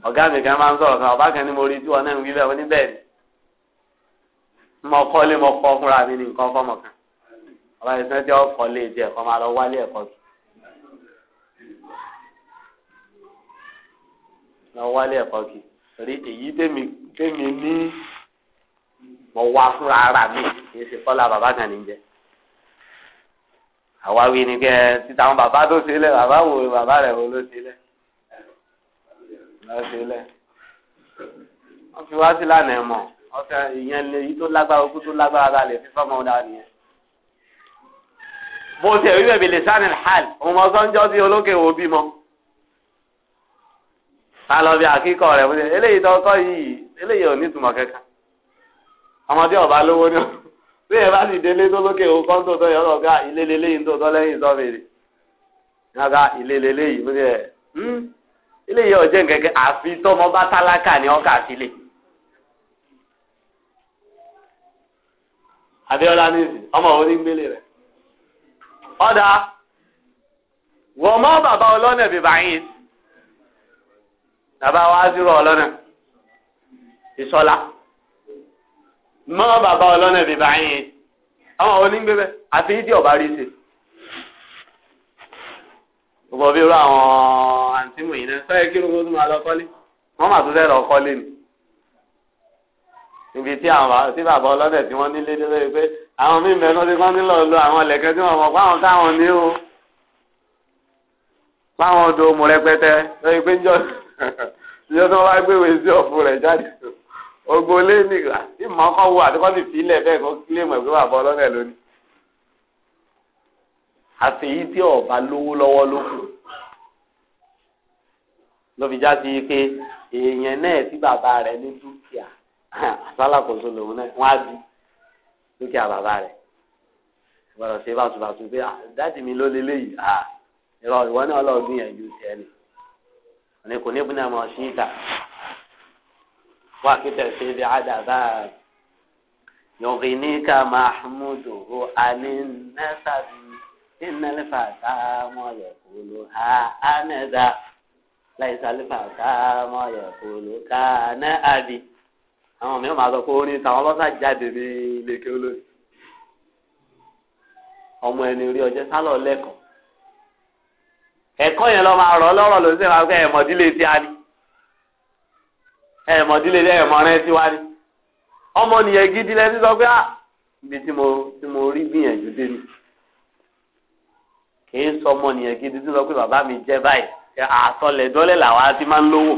ọ̀gá mi kan máa ń sọ̀rọ̀ kan ọ̀bá kan ní mo rí tí wọn náà ń wí bẹ́ẹ̀ wọ́n ní bẹ́ẹ̀ ni mo kọ́ lé mo kọ́ fúnra mi ní nǹkan fọ́mọ kan ọba ìṣẹ́ tí ó kọ́ lé jẹ́ ẹ̀kọ́ máa lọ wálé ẹ̀kọ́ tù lọ wálé ẹ̀kọ́ kì rí èyí tèmi tèmi ní mo wá fúnra ara mi kì í ṣe kọ́lá bàbá kan ní jẹ́ àwa wí ni kẹ títa àwọn bàbá tó ṣe lẹ bàbá wo bàbá rẹ wo ló ṣe lẹ lọ ṣe lẹ wọn fi wá sí lánàá mọ ọfẹ ìyẹn lè yí tó lágbára okú tó lágbára bá lè fi fọmọ ọdá nìyẹn. bó ṣe rí bẹ̀bí lè sáni hàl òun ọsọ sí olókè wo bímọ. ta lọ bí akíkọ rẹ eléyìí tó yìí eléyìí ò ní ìtumọ̀ kẹkẹ ọmọdé ọba lówó ni ó. bí ẹ bá sì délé tó lókè o kọ́ ń tó tọ́ yọ ọ́ ká yìí ń tó lẹ́yìn sọ́bìrì yọ ká yìí fún ẹ ilé yìí ọ̀jẹ̀ nkẹ́kẹ́ àfi tọ́mọ bá tálákà ni ọ́ sílẹ̀. Abíọ́lá ní ìsìn ọmọ òun ní gbélé rẹ̀ ọ̀dà wọ́n mọ́ bàbá wa á mọ́ bàbá ọlọ́nà bíbá yín àwọn onígbẹ́bẹ́ àti ìdí ọ̀bá rí sí. gbogbo bí irú àwọn àǹtí wọ̀nyí náà sọ́yẹ́ kí irúgbó tó máa lọ kọ́lé wọ́n mà tó fẹ́ lọ kọ́lé ni. ibi tí àwọn tí bàbá ọlọ́nà tí wọ́n nílé dé lórí pé àwọn míì mẹ́nu tí wọ́n nílò lo àwọn ẹlẹ́kẹ́ tí wọ́n mọ̀ pé àwọn ní o láwọn odò mú rẹpẹtẹ lórí pé ń jọ ìjọ tí gbé wèé sí ọ̀fun rẹ̀ jáde ogo lé nìgbà tí màá kọ́ wo àtikọ́ ti fi ilẹ̀ bẹ́ẹ̀ kó kílé mọ̀ pé bàbá ọlọ́dẹ lónìí. àtẹ̀yí tí ọba lówó lọ́wọ́ ló kù ló fi já sí pé èèyàn náà tí bàbá rẹ̀ ní dúkìá àsálàkóso lòun náà wọ́n á di dúkìá bàbá rẹ̀ gbọ́dọ̀ ṣe bàtúbàtú pé dáàdì mi ló lélẹ́yìí irọ́ ìwọ náà lọ́ọ́ gbìyànjú tiẹ̀ ni òní kò ní bí náà mọ̀ ṣí ìta. وقت في بعد يغنيك محموده عن النسب إن الفتى ما يقولها أنا ذا ليس الفتى ما يقول كان أبي àwọn mìíràn máa sọ pé orin táwọn ọlọ́sà jáde ní ilé-ike olóyè ọmọ ẹni orí ọjọ́ sálọ̀ lẹ́kọ̀ọ́ ẹ̀kọ́ yẹn lọ máa rọ̀ lọ́rọ̀ ló sì máa ẹ̀mọ́dílé tí a ní ẹ̀mọ̀dílé ẹ̀mọ̀rin sí wa ni gidi lẹ́ni sọ pé ah, ibi tí mo tí mo rí gbìyànjú dé ni kì í sọ ọmọ gidi tí sọ pé bàbá mi jẹ báyìí àtọlẹ̀ làwa ti máa ń lówó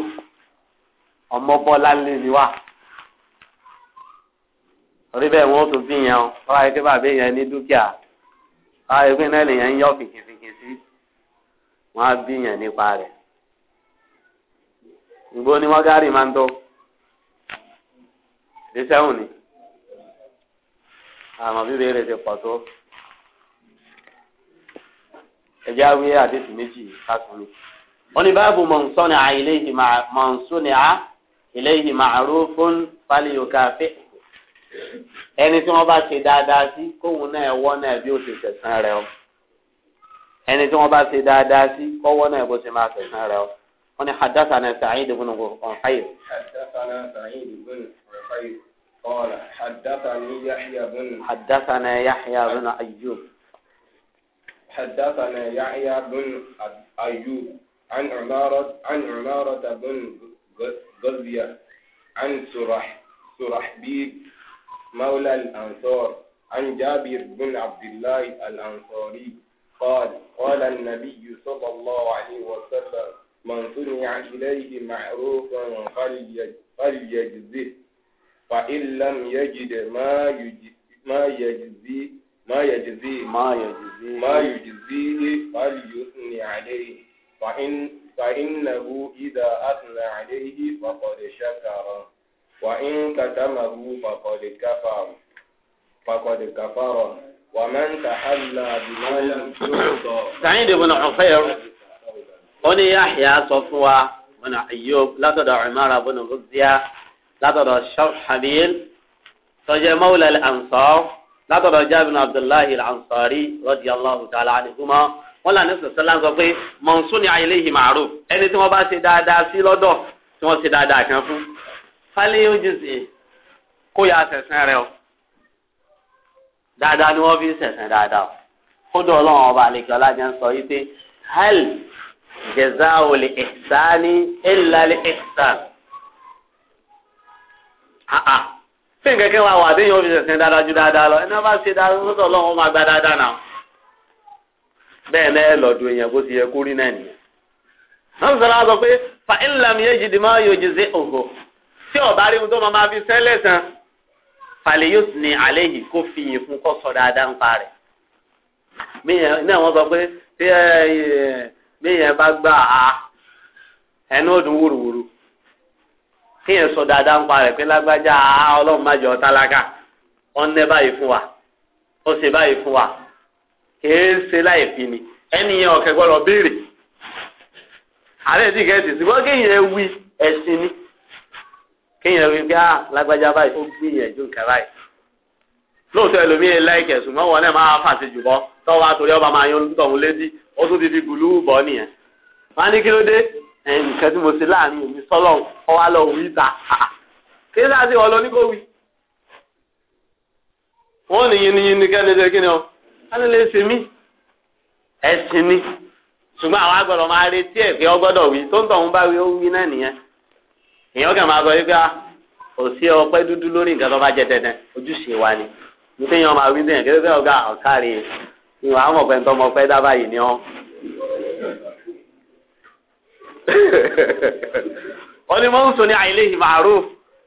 ọmọ bọ́lá ńlẹ̀ ni wá orí bẹ́ẹ̀ wọ́n tún ìgbó ni mọ́gárì máa ń tó ṣe sẹ́wọ̀n ni àmọ́ bíbélì rẹ̀ ti pọ̀ tó ẹjẹ́ awé àdéhùn méjì kákùnrin. wọ́n ní báàbù mọ̀nsọ́ni à iléyìí mọ̀nsọ́ni à iléyìí màrúfún fáliyòkàfẹ́. ẹni tí wọ́n bá ṣe dáadáa sí kóhun náà ẹ̀wọ́ náà bí ó ṣe tẹ̀sán rẹ̀ o. ẹni tí wọ́n bá ṣe dáadáa sí kọ́wọ́ náà bó ṣe máa tẹ̀sán rẹ̀ o. wọ́n ní haddathana Sa'id ibn Urqayl. haddathana Sa'id ibn Urqayl qala haddathani Yahya ibn. haddathana Yahya ibn حدثنا يحيى بن أيوب عن عمارة عن عمارة بن غزية عن سرح سرحبيب مولى الأنصار عن جابر بن عبد الله الأنصاري قال قال النبي صلى الله عليه وسلم من صنع إليه معروفا فليجزه فإن لم يجد ما يجزي ما يجزي ما يجزي ما يجزي ما يجزيه فليثني عليه فإن فإنه إذا أثنى عليه فقد شكر وإن كتمه فقد كفر فقد كفر ومن تحلى بما لم يرضى سعيد بن عفير ó ní Yahya sọ fún wa ọ̀nà Ayyub látọ̀dọ̀ Umara bọ́nà Rúbíà látọ̀dọ̀ Sharhabil tọ́jẹ́ mawla al-Ansar látọ̀dọ̀ Jabir Abdullahi al-Ansari radiyallahu ta'ala anhuma wọn là ní sọ̀sọ́lá sọ pé mọ̀nsún ni àyẹ̀lẹ́ yìí màrú ẹni tí wọ́n bá ṣe dáadáa sí lọ́dọ̀ tí wọ́n ṣe dáadáa kan fún fálẹ́ yóò jìnsì kó yà sẹ̀sẹ̀ rẹ o dáadáa ni wọ́n fi sẹ̀sẹ̀ dáadáa o kódà ọlọ́run ọba àlejò ọlájà ń sọ yìí pé hẹ́lì jazaa li ihsani illa li ihsan. ṣé nǹkan kẹ́ wàá wà déyìn òfin ṣẹ̀ṣẹ̀ dáadáa ju dáadáa lọ ẹni wọ́n bá ṣe dáadáa lọ́sọ̀ ọlọ́run ó máa gba dáadáa náà. bẹ́ẹ̀ náà lọ́dún èèyàn bó ti yẹ kó rí náà nìyẹn. wọ́n sọ láti sọ pé fa ilam yéjì dì máa yòjì sí òhò tí ọ̀bá rí mu tó máa fi sẹ́lẹ̀ tán falẹ̀ yóò ní àléyìn kó fi yìn fún kó sọ ń parẹ́. mí náà wọ́n sọ pé béèyàn bá gbà á ẹnu ọdún wúruwúru kéèyàn sọ dáadáa ń pa rẹ̀ pé lágbájá á ọlọ́run má jọ tálákà ọ̀nẹ́ báyìí fún wa ó ṣe báyìí fún wa kèé ṣe láì fi ni ẹnìyẹn ọ̀kẹ́ gbọ́dọ̀ béèrè àárẹ̀ tí kẹ́sì ṣùgbọ́n kéèyàn wí ẹ̀sìn ni kéèyàn wí pé á ah, lágbájá báyìí ó gbìyànjú nǹkan báyìí lóòótọ́ ẹlòmíín láìkẹ̀ ṣùgbọ́n wọn náà máa fàṣejù bọ́. tọ́wọ́ àtòrí ọba máa yan onítọ̀hún létí ó tún ti fi bùlú bọ̀ nìyẹn. wọ́n á ní kí ló dé nǹkan tí mo ṣe láàrin lọ wí ta kí ló dáa sí ọ lọ ní wí. wọ́n ní kẹ́ni ṣe kí ni ọ lè ṣe mí ni ṣùgbọ́n máa retí ẹ̀ pé wí tó ń tọ̀hún bá wí ó wí náà nìyẹn èèyàn kàn máa sọ yí pé ah, kò sí ọpẹ́ dúdú lórí nǹkan tó bá jẹ ni kí ló fẹ́ ìwà àwọn ọ̀pẹ tó mọ pẹ́ dábàá yìí ni ọ́. wọ́n ní mọ́tò ní àìlè ìmàrú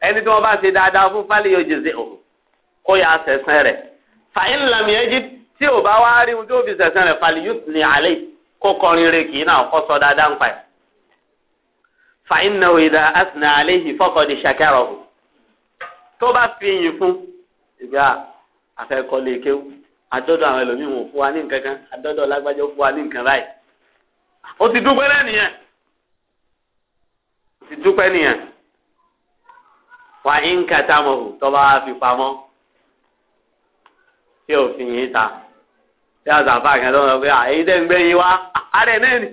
ẹni tí wọ́n bá ṣe dáadáa fún fálẹ̀ yóò jèzè o kó yà á sẹ̀sẹ̀ rẹ̀ fàyín làmì ẹjí tí ò bá wá rí ohun tí fi sẹ̀sẹ̀ rẹ̀ fálẹ̀ yóò ní àlè kó kọrin rẹ̀ kì í náà kọ́ sọ dáadáa ń pa ẹ̀. fàyín náà ìdá àsìnà àlè yìí fọ́kọ̀ ní ṣàkẹ́rọ̀ tó bá fi yìn fún ìgbà àfẹ́kọ́ kéwù. adọdọ àwọn ẹlòmíì wọn fún wa ní adọdọ lágbájá fún wa ní nǹkan báyìí ó ti dúpẹ́ náà ó ti dúpẹ́ nìyẹn wà á ń kàtà mọ̀ hù fi pamọ́ tí òfin yìí ta a kan lọ́wọ́ pé ń gbé yín wá àárẹ̀ náà nì.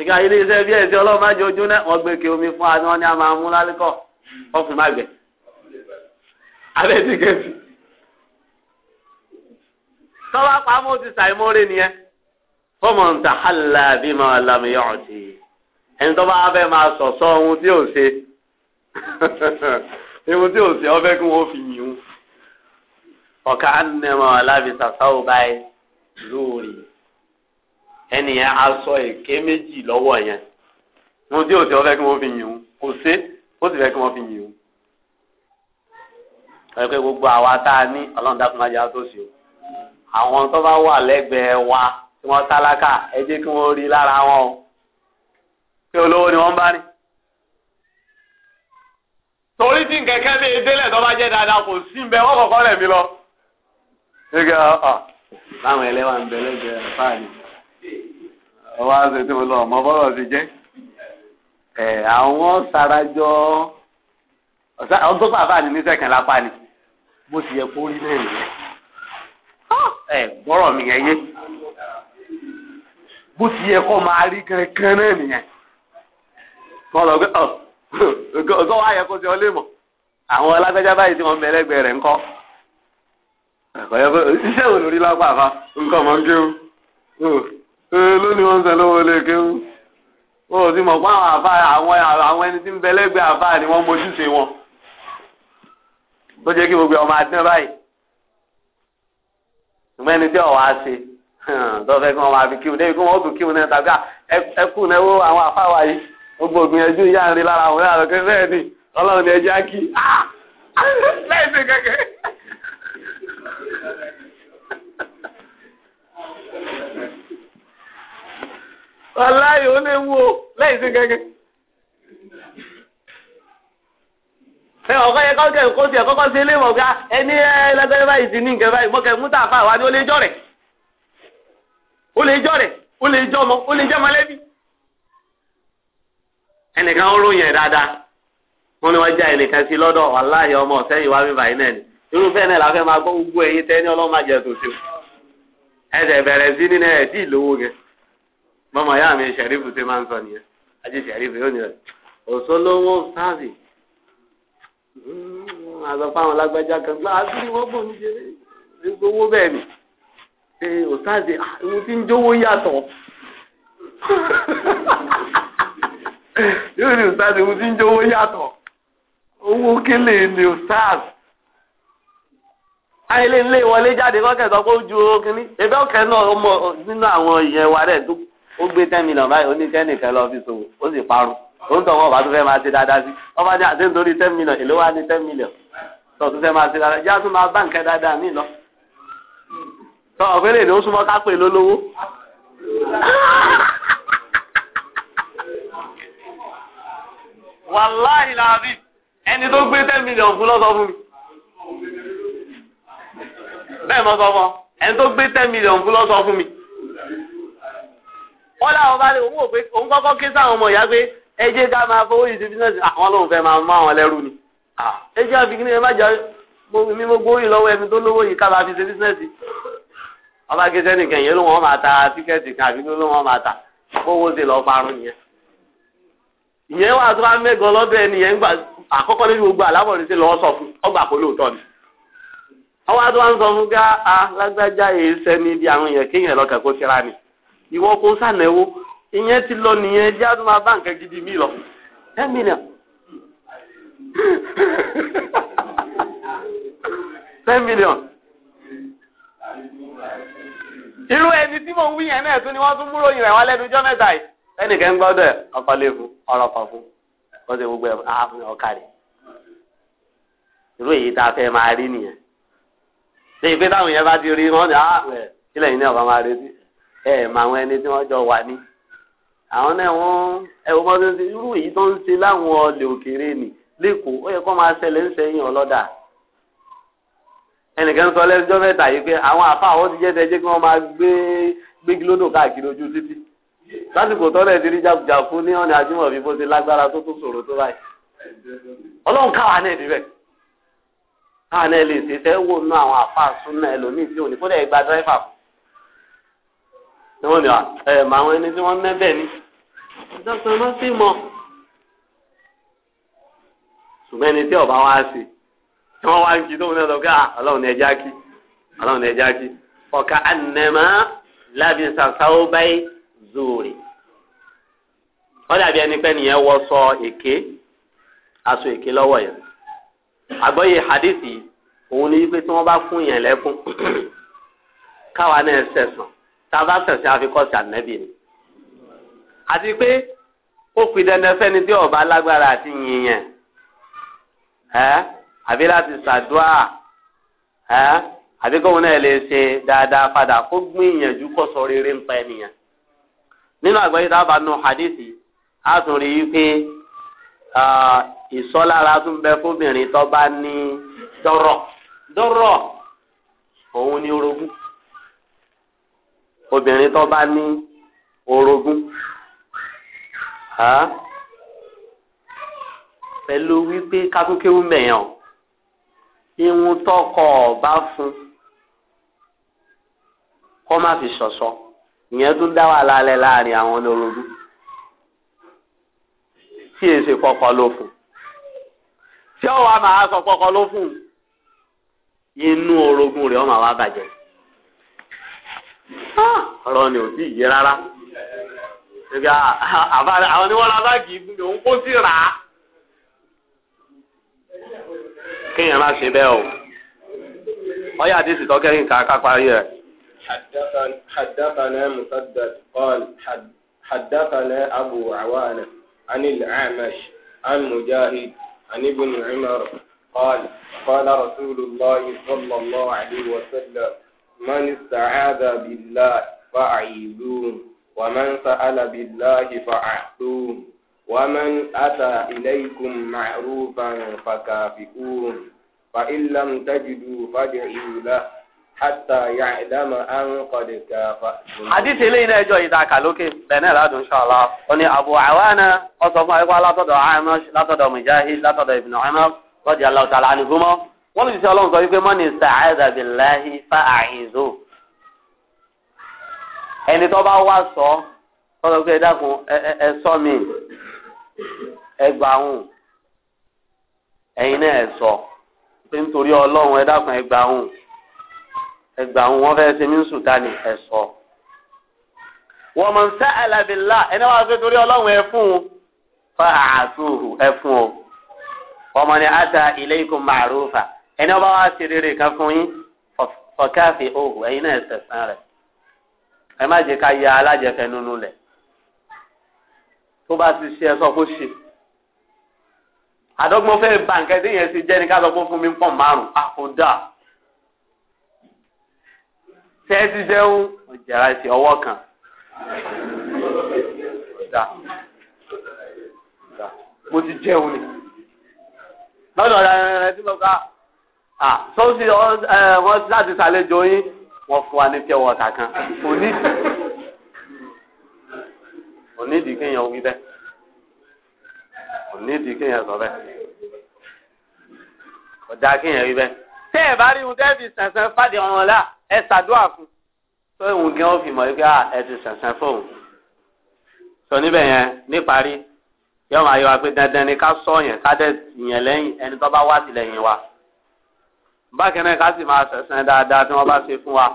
ìka bí ẹ̀sìn ọlọ́run a máa mú lálẹ́kọ̀ọ́ má gbẹ. abẹ́ tọ́wọ́ pamọ́ ti ṣàìmọ́rẹ́ nìyẹn fọmọ ń ta hàlà bí máa lami yọ̀ sí i ẹni tó bá fẹ́ máa sọ̀sọ́ ohun tí ò ṣe ohun tí ò ṣe ọ fẹ́ kí wọ́n fi yìn ún ọ̀ka ànàmọ́ alábìsà sáwọ́ báyìí lórí ẹnìyẹn aṣọ èké méjì lọ́wọ́ yẹn ohun tí ò ṣe ọ kí wọ́n fi yìn kò ṣe ó sì fẹ́ kí wọ́n fi yìn ọ̀rẹ́ pé gbogbo àwa tá a ní ọlọ́run dákun má jẹ́ o àwọn tó bá wà lẹ́gbẹ̀ẹ́ wa tí wọ́n tálákà ẹ jẹ́ kí wọ́n rí lára wọn o pé olówó ni wọ́n bá ní. torí tí nkẹ́kẹ́ lè délẹ̀ tó bá jẹ́ dáadáa kò sí ń bẹ wọ́n kọ̀ọ̀kan rẹ̀ mí lọ. ṣéga ọ̀ láwọn ẹlẹ́wà ń bẹ lẹ́gbẹ̀ẹ́ fáàlì ọwọ́ àṣẹ tí mo lọ ọmọ bọ́rọ̀ ti jẹ́ ẹ̀ àwọn sarajọ́ ọ̀sán ọdún bàbá mi ní sẹ́kẹ̀ńlá pa ni mo sì yẹ kó rí bẹ́ẹ̀ nìyẹn ẹ gbọ́rọ̀ mi yẹn yé bó ti yẹ kó máa rí kankan náà nìyẹn wọn lọ pé ọgọ wa yẹ kó ti ọlé mọ àwọn alágbèjà báyìí tí wọn bẹ lẹ́gbẹ̀ẹ́ rẹ ńkọ́ àkọyọ pé iṣẹ́ wo lórí lápá àfa nǹkan mọ ń kéwu lónìí wọn ń sẹ lówó lè kéwu ó sì mọ̀ pé àwọn àfa àwọn àwọn ẹni tí ń bẹ lẹ́gbẹ̀ẹ́ àfa ni wọ́n mójúṣe wọn tó jẹ́ kí gbogbo ọmọ àti náà báyìí. ṣùgbọ́n ẹni tí ọ̀ si ṣe tọ́fẹ́ kí wọ́n máa fi kíun débi kí wọ́n ó tún kíun náà tàbí ẹkú àwọn yìí gbogbo ìyá ń rí lára àwọn bẹ́ẹ̀ ni ọlọ́run á kí ẹ ọkọ yẹ kọ kẹ kó tiẹ kọkọ sí ilé ìwọgá ẹni ẹ lẹgbẹrẹ báyìí ti ní nǹkan báyìí mo kẹ mú tàfà wá ní ó lè jọ rẹ ó lè jọ rẹ ó lè jọ ó lè jẹ mọ̀lẹ́bí. ẹnìkan ó ròyìn ẹ dáadáa wọn ni wọn já ẹnìkan sí ọmọ ọsẹ yìí wá mi náà ni náà la fẹ́ máa gbọ́ gbogbo ní àjẹ sí nínú tí ìlówó gẹ sọ nìyẹn ajé yóò ní Hmm, àzọpá àwọn alágbájá kan gbá àdúrà wọn bò ní jẹrẹ gbogbo owó bẹ́ẹ̀ ni ṣe òtáàzì àwọn tí ń jówó yàtọ̀ yóò ní òtáàzì àwọn tí ń jówó yàtọ̀ owó kélé ni òtáàzì ayẹlẹ ilé wọlé jáde kọkẹ sọ pé ó ju kínní ẹgbẹ ọkẹ náà ọmọ nínú àwọn ìyẹn wa rẹ tó ó gbé ten million báyìí ó ní kẹ́nìkan lọ fi ṣòwò ó sì parun ó ń tọ̀ wọ́n bá tún fẹ́ máa ṣe dáadáa sí ọba ní àti nítorí ten million èló wá ní ten million tó tún fẹ́ máa ṣe dáadáa yá tún máa bá nǹkan dáadáa mí lọ. tọ ọ̀gbẹ́lẹ̀ ni ó súnmọ́ ká pè lólówó. wàláì làbí ẹni tó gbé ten million fún lọ́sọ̀ fún mi. bẹ́ẹ̀ mo sọ fún ọ ẹni tó gbé ten million fún lọ́sọ̀ fún mi. wọ́n láwọn bá lè òun kọ́kọ́ ké sáwọn ọmọ ìyá pé. ẹ jẹ́ ká máa fowó yìí sí bísíǹsì àwọn ah, lòun fẹ́ máa mọ àwọn ah. ni ẹ jẹ́ àfikún ẹ má mo gbóyè lọ́wọ́ ẹni tó lówó yìí ká máa ọba yẹn ló wọ́n máa ta tíkẹ́ẹ̀tì kan àbí ló wọ́n máa ta kówó ṣe lọ́ọ́ parun nìyẹn ìyẹn wà tó bá mẹ́gàn gbà àkọ́kọ́ gbogbo sọ fún ọgbà kó lóòótọ́ ni ọwọ́ tó bá ń sọ fún ká a ah, lágbájá èé sẹ́ni bí àrùn yẹn kéèyàn lọ́kàn kó ni ìyẹn ti lọ nìyẹn jẹ́ àdúrà bá nǹkan gidi mí lọ ten million ten million irú ẹni tí mò ń wí yẹn náà tún ni wọ́n tún múròyìn rẹ̀ wá lẹ́nu jọ́ mẹ́ta yìí ẹnìkan ń gbọ́dọ̀ ọ̀pọ̀lẹ́ fún ọ̀rọ̀pọ̀ fún wọ́n ti gbogbo ẹ̀ á fún ọkà rẹ̀ irú èyí tá a fẹ́ máa rí nìyẹn ṣé ìpé táwọn yẹn bá ti rí wọn ni á rẹ̀ kílẹ̀ yìí ní ọ̀bá ah, máa retí ẹ̀ máa wọn ẹni tí wọ́n jọ wà ní. àwọn náà wọn ẹwọ bá ṣe ṣe irú èyí tó ń ṣe láwọn ọlẹ òkèèrè nì lẹkọọ ó yẹ kó máa ṣẹlẹ̀ ń ṣẹyìn ọlọdà ẹnìkan sọ lẹsọjọ mẹ́ta yìí pé àwọn kí wọn máa gbé gbégilódò káàkiri ojú títì lásìkò tọ́lẹ̀ ti rí ní ọ̀nà bó ṣe lágbára tó tó tó báyìí ọlọ́run káwa náà ìjọsìn ló sì mọ̀ ṣùgbọ́n ẹni tí ọba wa ṣe tí wọ́n wá ń kí tóun náà lọ pé ah, ọlọ́run ní ẹja kí ọlọ́run ní ẹja kí ọ̀ka ànẹ̀mọ́ lábí sàṣàwọ́ báyìí zòòrè wọ́n dàbí ẹni pé nìyẹn wọ sọ èké aṣọ èké lọ́wọ́ yẹn àgbọ́yé hadithi òun ni wípé tí wọ́n bá fún yẹn lẹ́kún káwa náà ṣẹ̀sán tá a bá ṣẹ̀sán àfikọ́sí ànẹ́bì ni. àti pé ó fi dandan fẹ́ni ọba alágbára àti yìn yẹn àbí láti ṣàdúrà ẹ́ àbí kóun náà lè ṣe dáadáa padà kó gbìyànjú kó sọ rere ń pa ẹnìyàn nínú àgbáyé a hadithi a tún rí i pé ìsọlára tún bẹ fóbìnrin tó bá ni orogún obìnrin tó bá ní pẹ̀lú wípé kákúkéwú mẹ̀yàn irun tọkọ ọba fún kọ́ má fi ṣọ̀ṣọ́ ìyẹn tún dá wà lálẹ́ láàrin àwọn olórogún tí èsì kọkọ ló fún tí ọwọ́ a máa sọ kọkọ ló fún inú orogún rẹ̀ ọmọ àwa bàjẹ́ ọ̀rọ̀ ni ò tí ì yé rárá ẹgbẹ́ àbára àwọn ni wọ́n ra báàgì òun kó sí rà á. kéèyàn má ṣe حدثنا مسدد قال حد حدثنا أبو عوانة عن الأعمش عن مجاهد عن ابن عمر قال قال رسول الله صلى الله عليه وسلم من استعاذ بالله فأعيذوه ومن سأل بالله فأعطوه ومن أتى إليكم معروفا فكافئوه فإن لم تجدوا فادعوا له حتى يعلم أن قد كافأتم حديث إلينا جو إذا كالوكي بين لاد إن شاء الله وني أبو عوانة أصف أيقوا لا تدع عمش لا تدع مجاهد لا تدع ابن عمر رضي الله تعالى عنهما ولو جسي الله من استعاذ بالله فأعيذوه ẹni tó bá wá sọ tọ́lọ́ pé ẹ dákun ẹ sọ mi ẹ gbà hùn ẹ̀yin náà ẹ sọ pé nítorí ọlọ́run ẹ dákun ẹ gbà hùn ẹ gbà hùn ṣe mí sùn dání ẹ sọ. wọ́n mọ̀ ń ẹni wàá torí ọlọ́run ẹ fún un fa àtúhù ẹ fún o. ọmọ ni ata ilaykum ma'rufa ẹni wọ́n bá wá ṣe rere kan fún yín òhù náà ẹ rẹ̀. ẹ má jẹ́ ká ya alájẹfẹ nínú lẹ tó bá ti ṣe ẹ sọ kó ṣe àdọ́gbọ́n fẹ́ẹ́ ba nǹkan tí yẹn ti jẹ́ ni ká sọ pé fún mi ń pọ̀ márùn-ún àkódà tẹ́ ẹ ti jẹun ọ̀jàrà ti ọwọ́ kan ọ̀dà mo ti jẹun ni lọ́dọ̀ ọ̀dà ẹ̀rẹ̀ tí mo ká sọ́ọ́sì wọ́n láti ṣàlejò yín wọ́n fún wa ní pure water kan onídìí kéèyàn wí bẹ́ẹ̀ onídìí kéèyàn sọ bẹ́ẹ̀ ọ̀dà kéèyàn wí bẹ́ẹ̀ tẹ́ ẹ̀ bá rí ohun tẹ́ fi sẹ̀sẹ̀ fàdé ọ̀ràn là ẹ ṣàdúrà fún tó ìhun gan ó fi mọ̀ wípé ah, ẹ ti sẹ̀sẹ̀ fóun sọ níbẹ̀ yẹn níparí yọ̀ọ́ máa yọ wa pé dandan ni ká sọ yẹn ká dẹ̀ yẹn lẹ́yìn ẹni tó bá wá sílẹ̀ yẹn wa bákan náà ká sì máa sẹ̀sẹ̀ dáadáa tí wọ́n bá ṣe fún wa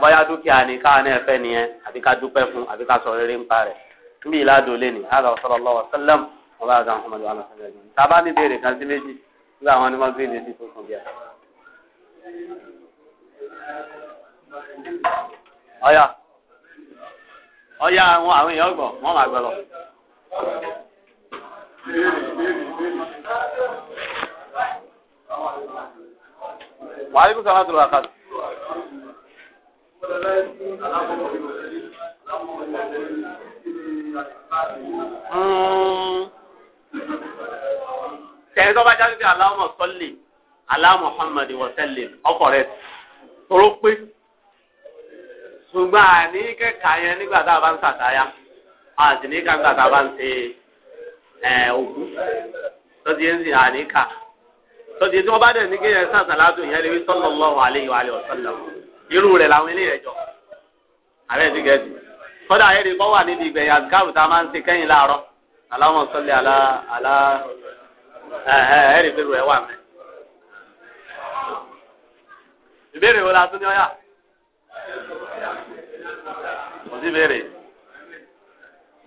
bóyá dúkìá ni káà náà fẹ́ nìyẹn àbí ká dúpẹ́ fún àbí ká sọ rere nípa rẹ̀ níbi ìlàdọ̀lẹ́ ni hàlọ́ sallallahu alaihi wasallam wọn bá dáhùn ọmọdé wọn lọ́sọ̀rọ̀ ẹ̀jẹ̀ sábà ní béèrè kan sí méjì nígbà àwọn ni wọ́n gbé lè sí tó bíà. ọ̀yà ọ̀yà àwọn àwọn èèyàn gbọ̀ wọ́n máa gbọ́ lọ wàhálà kò sọ̀rọ̀ àtúrò àkàtà. tẹ̀yìn tó bá jáde sí aláwọ̀ sọ́lì aláwọ̀ Muhammad wọ̀sẹ̀lẹ̀ ọkọ̀ rẹ̀ toró pé ṣùgbọ́n àní kẹ́kà yẹn nígbà tá a bá ń sàtáyà àti nígbà tá a bá ń ṣe òkú tó ti ń sìn àníkà tọ́jú tí wọ́n bá dẹ̀ ní kéèyàn sàn sàlátù yẹn lè wí sallallahu alaihi wa alihi wasallam irú rẹ̀ làwọn eléyẹ̀ jọ ààrẹ ti gẹ̀ẹ́sì kọ́dà ayé rẹ̀ kọ́ wà níbi ìgbẹ̀yà gáàrù tá a máa ń ṣe kẹ́yìn láàárọ̀ aláwọ̀ sọ́lẹ̀ alá alá ẹ̀ẹ́dì pẹ̀lú ẹ̀ wà mẹ́. ìbéèrè wo la tún ní ọ̀yà kò sí ìbéèrè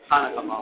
kánà kàmá.